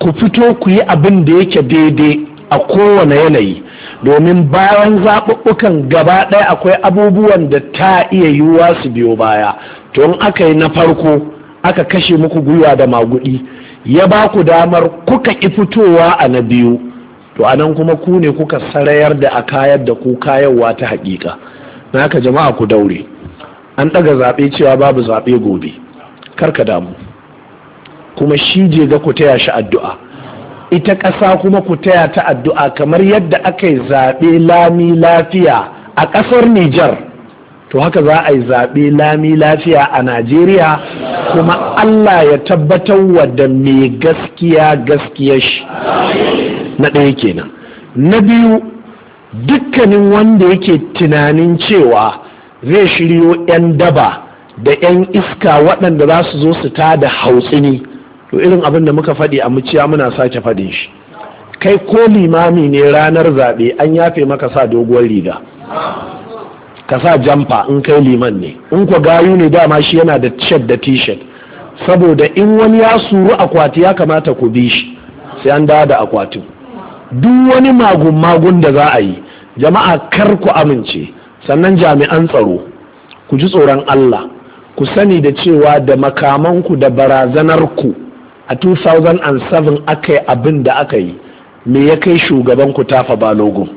ku fito ku yi abin da yake daidai a kowane yanayi domin bayan zaɓuɓɓukan gaba ɗaya akwai abubuwan da ta iya yiwuwa su biyo baya to in aka yi na farko aka kashe muku gwiwa da maguɗi ya ba ku damar kuka ƙi fitowa a na biyu to a nan kuma ku ne kuka sarayar da a kayar da ku kayarwa ta haƙiƙa na ka jama'a ku daure an ɗaga zaɓe cewa babu zaɓe gobe kar ka damu kuma shi je ga ku taya shi addu'a ita ƙasa kuma ku taya ta addu'a kamar yadda aka yi zaɓe lami lafiya a ƙasar Nijar to haka za a yi zaɓe lami lafiya a Najeriya kuma Allah ya tabbatar wa da mai gaskiya gaskiyar shi na ɗaya kenan na biyu dukkanin wanda yake tunanin cewa zai shiryo 'yan daba da 'yan iska waɗanda za su zo su ta da hautsini to irin abin da muka faɗi a muciya muna sake faɗin shi kai ko limami ne ranar zaɓe an yafe maka sa doguwar riga ka sa jamfa in kai liman ne in kwa gayu ne dama shi yana da shed da t saboda in wani ya suru akwati ya kamata ku bi shi sai an dada da akwatin duk wani magun magun da za a yi jama'a kar ku amince sannan jami'an tsaro ku ji tsoron Allah ku sani da cewa da makamanku da barazanarku a 2007 aka yi abin da aka yi me ya kai shugaban ku tafa balogun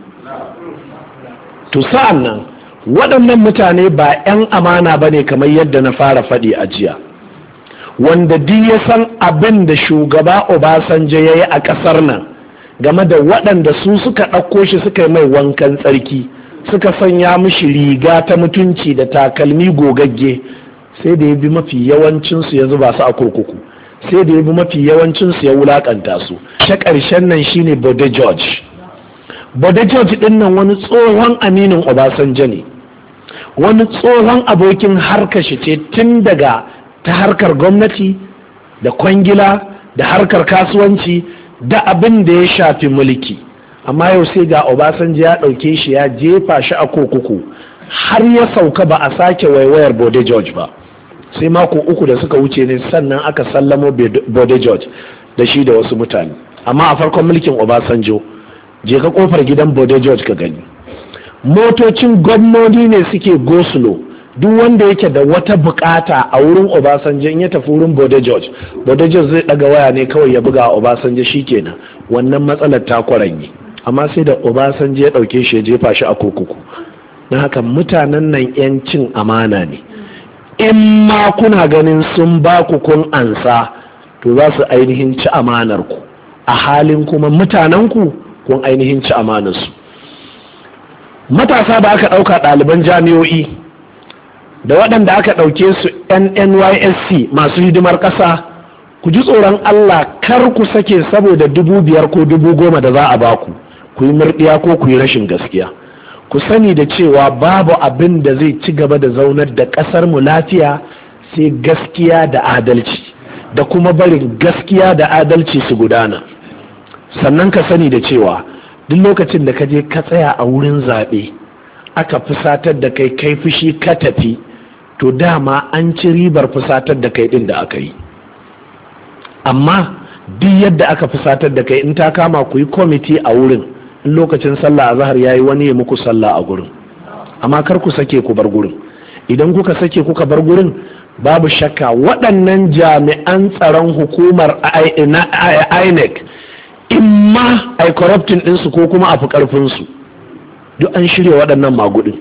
to sa'an nan waɗannan mutane ba 'yan amana ba ne kamar yadda na fara faɗi a jiya wanda di ya san abin da shugaba obasanjo ya yi a ƙasar nan game da waɗanda su suka ɗauko shi suka yi mai wankan tsarki suka sanya mishi riga ta mutunci da takalmi gogagge sai da ya bi mafi yawancinsu ya zuba su a kurkuku sai da ya bi mafi yawancinsu ya wulakanta su ta ƙarshen nan shine bode george bode george ɗin nan wani tsohon aminin obasanjo ne wani tsohon abokin harkar shi ce tun daga ta harkar gwamnati da kwangila da harkar kasuwanci da abin da ya shafi mulki amma yau sai ga obasanjo ya ɗauke shi ya jefa shi a kurkuku har ya sauka ba a sake waiwayar bode george ba sai mako uku da suka wuce ne sannan aka sallamo bode george da shi da wasu mutane amma a farkon mulkin obasanjo je ka kofar gidan bode george ka gani motocin gwamnoni ne suke gosulo duk wanda yake da wata bukata a wurin obasanjo in ya tafi wurin bode george bode george zai daga waya ne kawai ya buga obasanjo kenan wannan matsalar ta yi. amma sai da obasanjo ya dauke shi ya jefa shi a kurkuku na haka mutanen nan 'yancin amana ne in ma kuna ganin sun ba ku kun ansa to za su ainihin ci amanar ku a halin kuma mutanen ku kun ainihin ci amanar su matasa ba aka ɗauka ɗaliban jami'o'i da waɗanda aka ɗauke su nnysc masu hidimar ƙasa ku ji tsoron allah kar ku sake saboda dubu biyar ko dubu goma da za a baku ku yi murɗiya ko ku yi rashin gaskiya ku sani da cewa babu abin da zai ci gaba da zaunar da ƙasar mu lafiya sai gaskiya da adalci da kuma barin gaskiya da adalci su gudana sannan ka sani da cewa duk lokacin da ka je ka tsaya a wurin zaɓe aka fusatar da kai kai fushi ka tafi to dama an ci ribar fusatar da kai ɗin da aka yi amma duk yadda aka fusatar da kai in ta kama ku yi kwamiti a wurin lokacin sallah a zahar yayi wani ya muku sallah a gurin amma kar ku sake ku bar gurin idan kuka sake kuka bar gurin babu shakka waɗannan jami'an tsaron hukumar inec in ma a din su ko kuma a fi su duk an shirya waɗannan magudin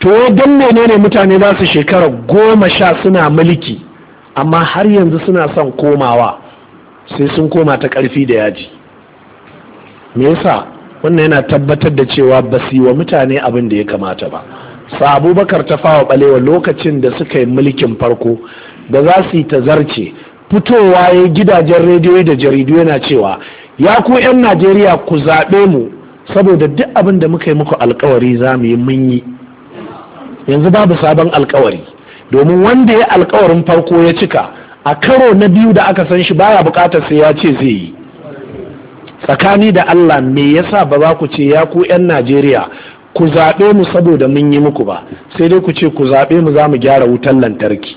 to don menene mutane za su shekara goma sha suna mulki amma har yanzu suna son komawa sai sun koma ta ƙarfi da yaji me yasa wannan yana tabbatar da cewa ba su yi wa mutane abin da ya kamata ba sa abubakar ta fawa balewa lokacin da suka yi mulkin farko da za su yi ta zarce fitowa ya gidajen rediyo da jaridu yana cewa ya ku 'yan najeriya ku zaɓe mu saboda duk abin da muka yi muku alkawari za mu yi mun yi yanzu babu sabon alkawari domin wanda ya alkawarin farko ya cika a karo na biyu da aka san shi baya bukatar sai ya ce zai yi tsakani da Allah me yasa ba za ku ce ya ku 'yan Najeriya ku zaɓe mu saboda mun yi muku ba sai dai ku ce ku zaɓe mu za mu gyara wutan lantarki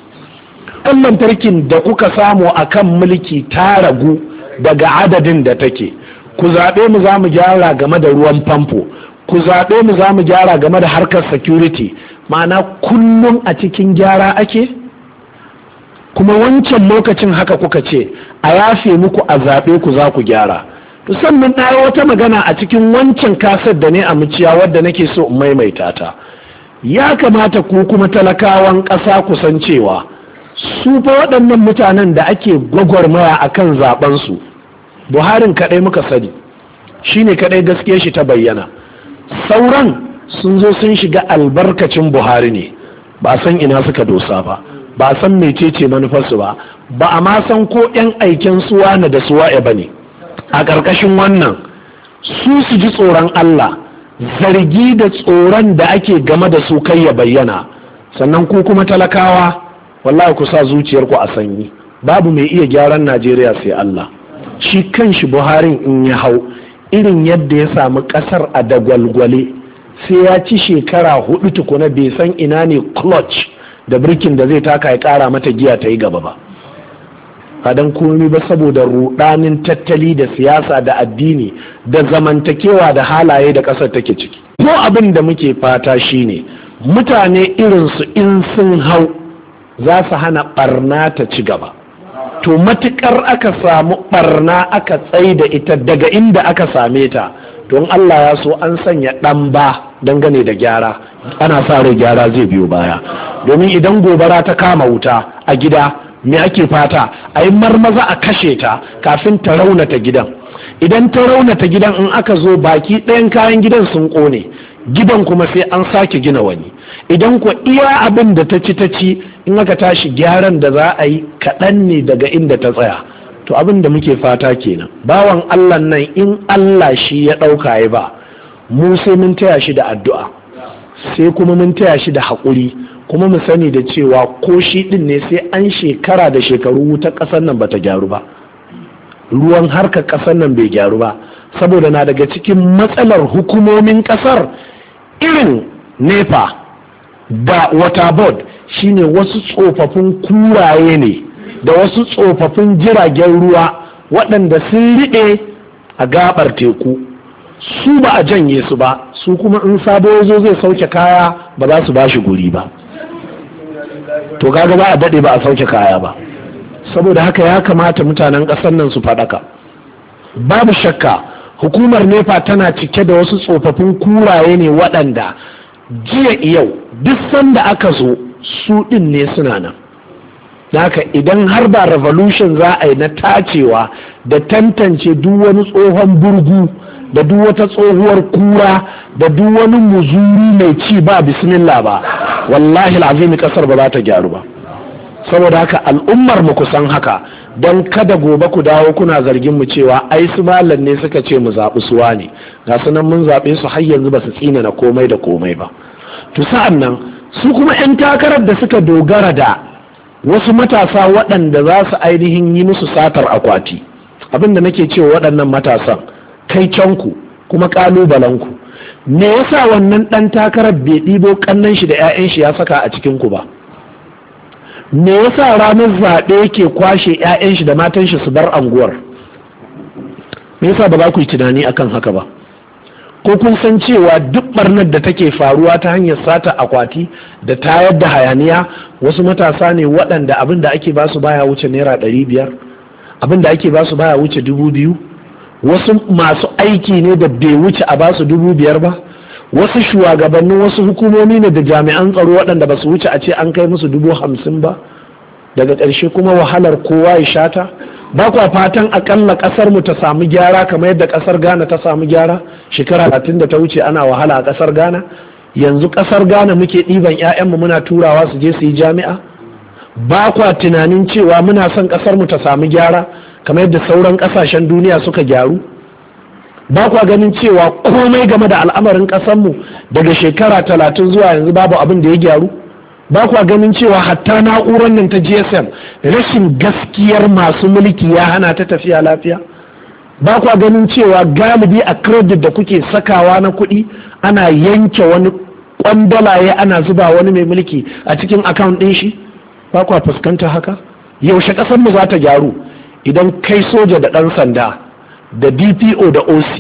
wutan lantarkin da kuka samu a kan mulki ta ragu daga adadin da take ku zaɓe mu za mu gyara game da ruwan famfo ku zaɓe mu za mu gyara game da harkar security ma'ana kullum a cikin gyara ake kuma wancan lokacin haka kuka ce a yafe muku a zaɓe ku za ku gyara kusan mun na yi wata magana a cikin wancan kasar da ne a muciya wadda nake so in maimaita ta ya kamata ku kuma talakawan ƙasa kusan cewa su fa waɗannan mutanen da ake gwagwarmaya a kan zaɓensu buharin kaɗai muka sani shi ne kaɗai gaske shi ta bayyana sauran sun zo sun shiga albarkacin buhari ne ba san ina suka dosa ba ba san mecece manufarsu ba ba a ma san ko 'yan aikin suwa na da suwa'e ba ne a ƙarƙashin wannan su su ji tsoron Allah zargi da tsoron da ake game da su kai ya bayyana sannan ku kuma talakawa wallahi ku sa ku a sanyi babu mai iya gyaran Najeriya sai Allah shi kanshi Buharin in ya hau irin yadda ya samu ƙasar a dagwalgwale sai ya ci shekara hudu tukuna bai san ina ne clutch da birkin da zai taka ya ƙara mata giya ta yi gaba ba ba komi komai ba saboda rudanin tattali da siyasa da addini da zamantakewa da halaye da ƙasar take ciki ko abin da muke fata shine mutane irin su in sun hau za su hana barna ta ci gaba to matukar aka samu barna aka tsai da ita daga inda aka same ta don Allah ya so an sanya ɗan ba dangane da gyara ana sa rai gyara zai biyo baya domin idan gobara ta kama wuta a gida me ake fata a yi marmaza a kashe ta kafin ta raunata gidan idan ta raunata gidan in aka zo baki ɗayan kayan gidan sun ƙone gidan kuma sai an sake gina wani idan ku iya abin da ta ci ta ci in aka tashi gyaran da za a yi kaɗan ne daga inda ta tsaya to abin da muke fata kenan bawan allah nan in allah shi ya ɗauka ya ba mu sai mun taya shi da addu'a sai kuma mun taya shi da haƙuri kuma mu sani da cewa ko shi din ne sai an shekara da shekaru wuta ƙasar nan bata gyaru ba ruwan harka ƙasar nan bai gyaru ba saboda na daga cikin matsalar hukumomin ƙasar irin nepa da water board shine wasu tsofaffin kuraye ne da wasu tsofaffin jiragen ruwa waɗanda sun riɗe a gabar teku su ba a janye su ba su kuma in sabo zo zai sauke kaya ba za su ba shi guri ba to gaga ba a daɗe ba a sauke kaya ba saboda haka ya kamata mutanen ƙasar nan su faɗaka babu shakka hukumar nepa tana cike da wasu tsofaffin kuraye ne waɗanda jiya yau duk sanda aka zo su ɗin ne suna nan haka idan har ba revolution za a yi na tacewa da tantance duk wani tsohon burgu da duk wata tsohuwar kura da duk wani muzuri mai ci ba bismillah ba wallahi alazimi kasar ba za ta gyaru ba saboda haka al'ummar mu kusan haka don kada gobe ku dawo kuna zargin mu cewa ai su malam ne suka ce mu zaɓi suwa ne ga su nan mun zaɓe su har yanzu ba su tsina na komai da komai ba to sa'an nan su kuma 'yan takarar da suka dogara da wasu matasa waɗanda za su ainihin yi musu satar akwati abinda nake cewa waɗannan matasan ku kuma ƙalubalanku, me yasa wannan ɗan takarar bai ɗibo ƙannan shi da 'ya'yan shi ya saka a cikinku ba me yasa ranar zaɓe ke kwashe 'ya'yan shi da matan shi su bar anguwar me yasa ba za ku yi tunani akan haka ba ko kun san cewa duk barnar da take faruwa ta hanyar sata akwati da tayar da hayaniya wasu matasa ne waɗanda abin da ake ba su baya wuce naira ɗari biyar abin da ake ba su baya wuce dubu biyu wasu masu aiki ne da bai wuce a basu dubu biyar ba wasu shugabannin wasu hukumomi ne da jami'an tsaro waɗanda ba su wuce a ce an kai musu dubu hamsin ba daga ƙarshe kuma wahalar kowa ya shata ba kwa fatan akalla ƙasar mu ta samu gyara kamar yadda ƙasar ghana ta samu gyara shekara talatin da ta wuce ana wahala a ƙasar ghana yanzu ƙasar ghana muke ɗiban 'ya'yanmu muna turawa su je su yi jami'a ba kwa tunanin cewa muna son ƙasar mu ta samu gyara kamar yadda sauran kasashen duniya suka gyaru ba kwa ganin cewa komai game da al'amarin kasanmu daga shekara talatin zuwa yanzu babu abin da ya gyaru ba kwa ganin cewa hatta na'urar nan ta gsm rashin gaskiyar masu mulki ya hana ta tafiya lafiya ba kwa ganin cewa galibi a credit da kuke sakawa na kuɗi ana yanke wani kwandalaye ana zuba wani mai mulki a cikin account ɗin shi ba kwa fuskantar haka yaushe ƙasarmu za ta gyaru idan kai soja da ɗan sanda da dpo da oc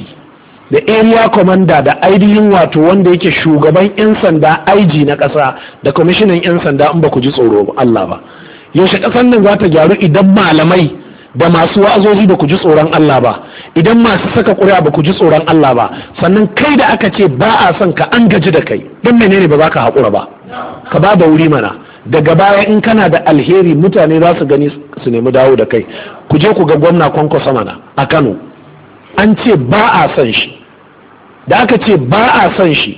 da area commander da idin wato wanda yake shugaban 'yan sanda ig na ƙasa da kwamishinan 'yan sanda in ba ku ji tsoro allah ba yaushe ƙasar nan za ta gyaru idan malamai da masu wa'azozi ba ku ji tsoron Allah ba idan masu saka ƙuri'a ba ku ji tsoron Allah ba sannan kai da aka ce ba a son ka an gaji da kai don menene ba za ka haƙura ba ka ba da wuri mana daga baya in kana da alheri mutane za su gani su nemi dawo da kai ku je ku ga gwamna kwankwasa mana a kano an ce ba a son shi da aka ce ba a son shi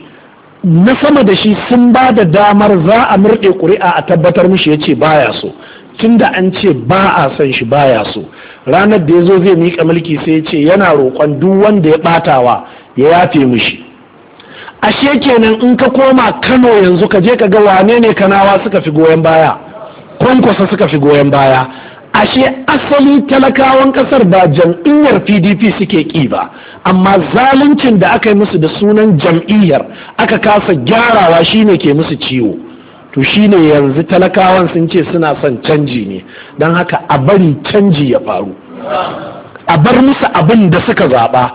na sama da shi sun ba da damar za a murɗe ƙuri'a a tabbatar mishi ya ce baya so tunda an ce ba a son shi baya so ranar da ya zo zai mika mulki sai ya ce yana roƙon duk wanda ya ɓatawa ya yafe mishi ashe kenan in ka koma kano yanzu ka je ka ga wane ne kanawa suka fi goyon baya kwankwasa suka fi goyon baya ashe asali talakawan kasar ba jam'iyyar pdp suke ƙi ba amma zaluncin da aka yi musu da sunan jam'iyyar aka kasa gyarawa shine ke musu ciwo to shine yanzu talakawan sun ce suna son canji ne don haka a bari canji ya faru a bar musu abin da suka zaɓa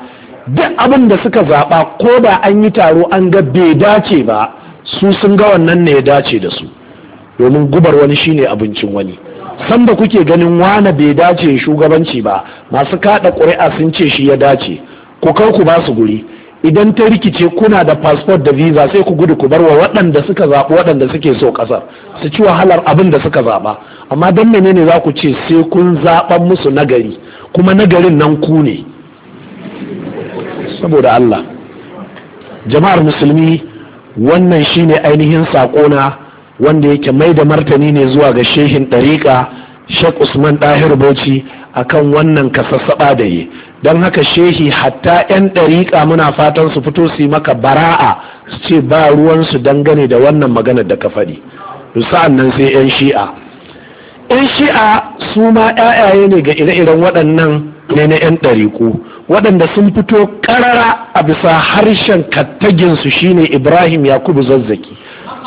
duk abin da suka zaɓa ko da an yi taro an ga bai dace ba su sun ga wannan ne ya dace da su domin gubar wani shine abincin wani san da kuke ganin wane bai dace shugabanci ba masu kaɗa ƙuri'a sun ce shi ya dace ku kar ku ba su guri idan ta rikice kuna da passport da visa sai ku gudu ku bar wa waɗanda suka zaɓa waɗanda suke so ƙasar su ci wahalar abin da suka zaɓa amma don menene za ku ce sai kun zaɓa musu nagari kuma nagarin nan ku ne saboda Allah jama'ar musulmi wannan shine ainihin sakona wanda yake mai da martani ne zuwa ga shehin ɗariƙa shek Usman Dahir Bauchi akan wannan kasassaɓa da yi don haka shehi hatta 'yan ɗariƙa muna fatan su fito su yi maka bara'a su ce ba ruwansu dangane da wannan maganar da ka faɗi sa'an nan sai 'yan shi'a 'yan shi'a su ma 'ya'yaye ne ga ire-iren waɗannan ne na 'yan ɗariƙo waɗanda sun fito ƙarara a bisa harshen kattaginsu shine ibrahim yakubu zazzaki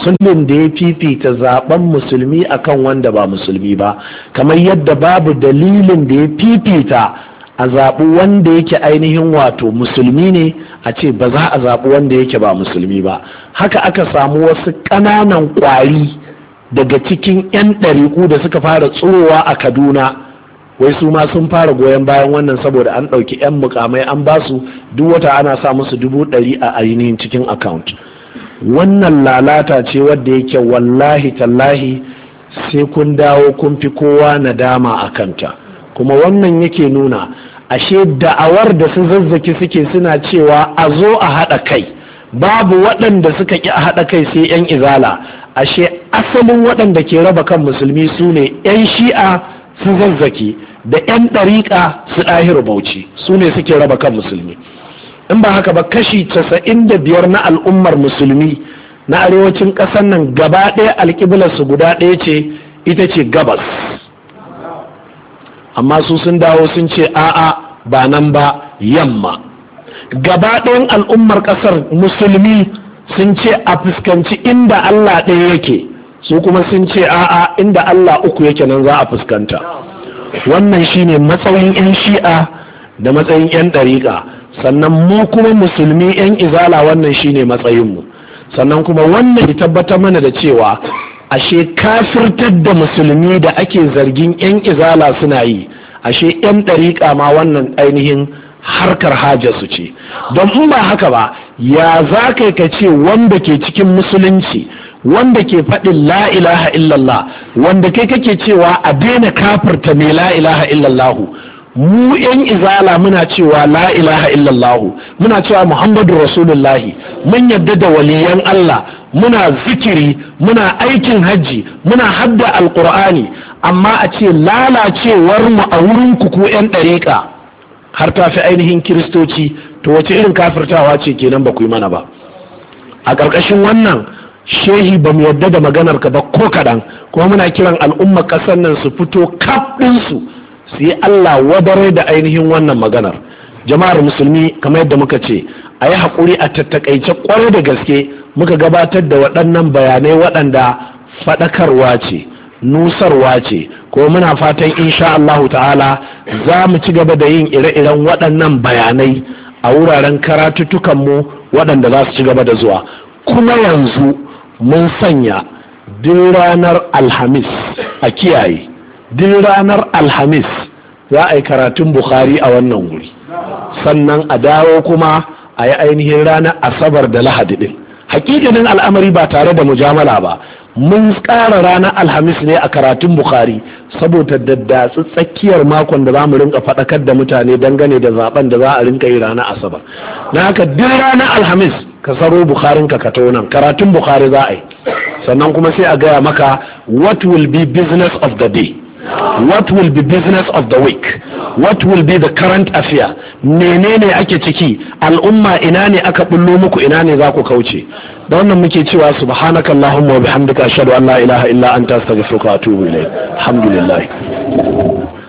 sunan da ya fifita zaben musulmi akan wanda ba musulmi ba kamar yadda babu dalilin da ya fifita a zaɓi wanda yake ainihin wato musulmi ne a ce ba za a zaɓi wanda yake ba musulmi ba haka aka samu wasu ƙananan ƙwari daga cikin 'yan ɗariƙu da suka fara tsurowa a kaduna wai su ma sun fara goyon bayan wannan saboda an ɗauki 'yan mukamai an ba su duk wata ana sa musu dubu ɗari a ainihin cikin account wannan lalata ce wadda yake wallahi tallahi sai kun dawo kun fi kowa nadama a kanta kuma wannan yake nuna ashe da'awar da su zazzaki suke suna cewa a zo a haɗa kai babu waɗanda suka ƙi a haɗa kai sai 'yan izala ashe asalin waɗanda ke raba kan musulmi su ne 'yan shi'a su zazzaki da 'yan ɗariƙa su ɗahiru bauchi su ne suke raba kan musulmi in ba haka ba kashi casa'in da biyar na al'ummar musulmi na arewacin ƙasar nan gaba ɗaya su guda ɗaya ce ita ce gabas amma su sun dawo sun ce a'a ba nan ba yamma gaba ɗayan al'ummar ƙasar musulmi sun ce a fuskanci inda allah ɗaya yake su kuma sun ce a'a inda Allah uku yake nan za a fuskanta wannan shine matsayin 'yan shi'a da matsayin 'yan ɗariƙa sannan mu kuma musulmi 'yan izala wannan shine matsayinmu sannan kuma wannan ya tabbatar mana da cewa ashe kafirtar da musulmi da ake zargin 'yan izala suna yi ashe 'yan ɗariƙa ma wannan ainihin harkar su ce don in ba haka ba ya za ka ce wanda ke cikin musulunci wanda ke faɗin la ilaha illallah wanda kai kake cewa a daina kafirta mai la ilaha illallah mu yan izala muna cewa la ilaha illallah muna cewa muhammadu rasulullahi mun yadda da waliyan allah muna zikiri muna aikin hajji muna hadda alkur'ani amma a ce lalacewar mu a wurin ku yan ɗariƙa har ta fi ainihin kiristoci to wace irin kafirtawa ce kenan ba ku yi mana ba a ƙarƙashin wannan shehi ba mu yadda da maganar ka ba ko kaɗan kuma muna kiran al'umma ƙasar nan su fito kaf ɗinsu su yi Allah wadare da ainihin wannan maganar jama'ar musulmi kamar yadda muka ce a yi haƙuri a tattakaice ƙwarai da gaske muka gabatar da waɗannan bayanai waɗanda faɗakarwa ce nusarwa ce ko muna fatan insha Allahu ta'ala za mu ci gaba da yin ire-iren waɗannan bayanai a wuraren karatuttukanmu waɗanda za su ci gaba da zuwa kuma yanzu mun sanya din ranar alhamis a kiyaye din ranar alhamis za a yi karatun bukari a wannan wuri sannan a dawo kuma a yi ainihin ranar asabar da lahadi din Hakikinin al'amari ba tare da mujamala ba mun ƙara ranar alhamis ne a karatun bukari saboda daddatsu tsakiyar makon da za mu rinka faɗakar da mutane dangane da zaben da za a rinka yi ranar asabar na haka din ranar alhamis ka saro bukharin ka kato nan karatun bukhari za a yi sannan kuma sai a gaya maka what will be business of the day what will be business of the week what will be the current affair menene ake ciki al'umma ina ne aka bullo muku ina ne za ku kauce da wannan muke cewa subhanaka allahumma wa bihamdika ashhadu an la ilaha illa anta astaghfiruka wa atubu ilayk alhamdulillah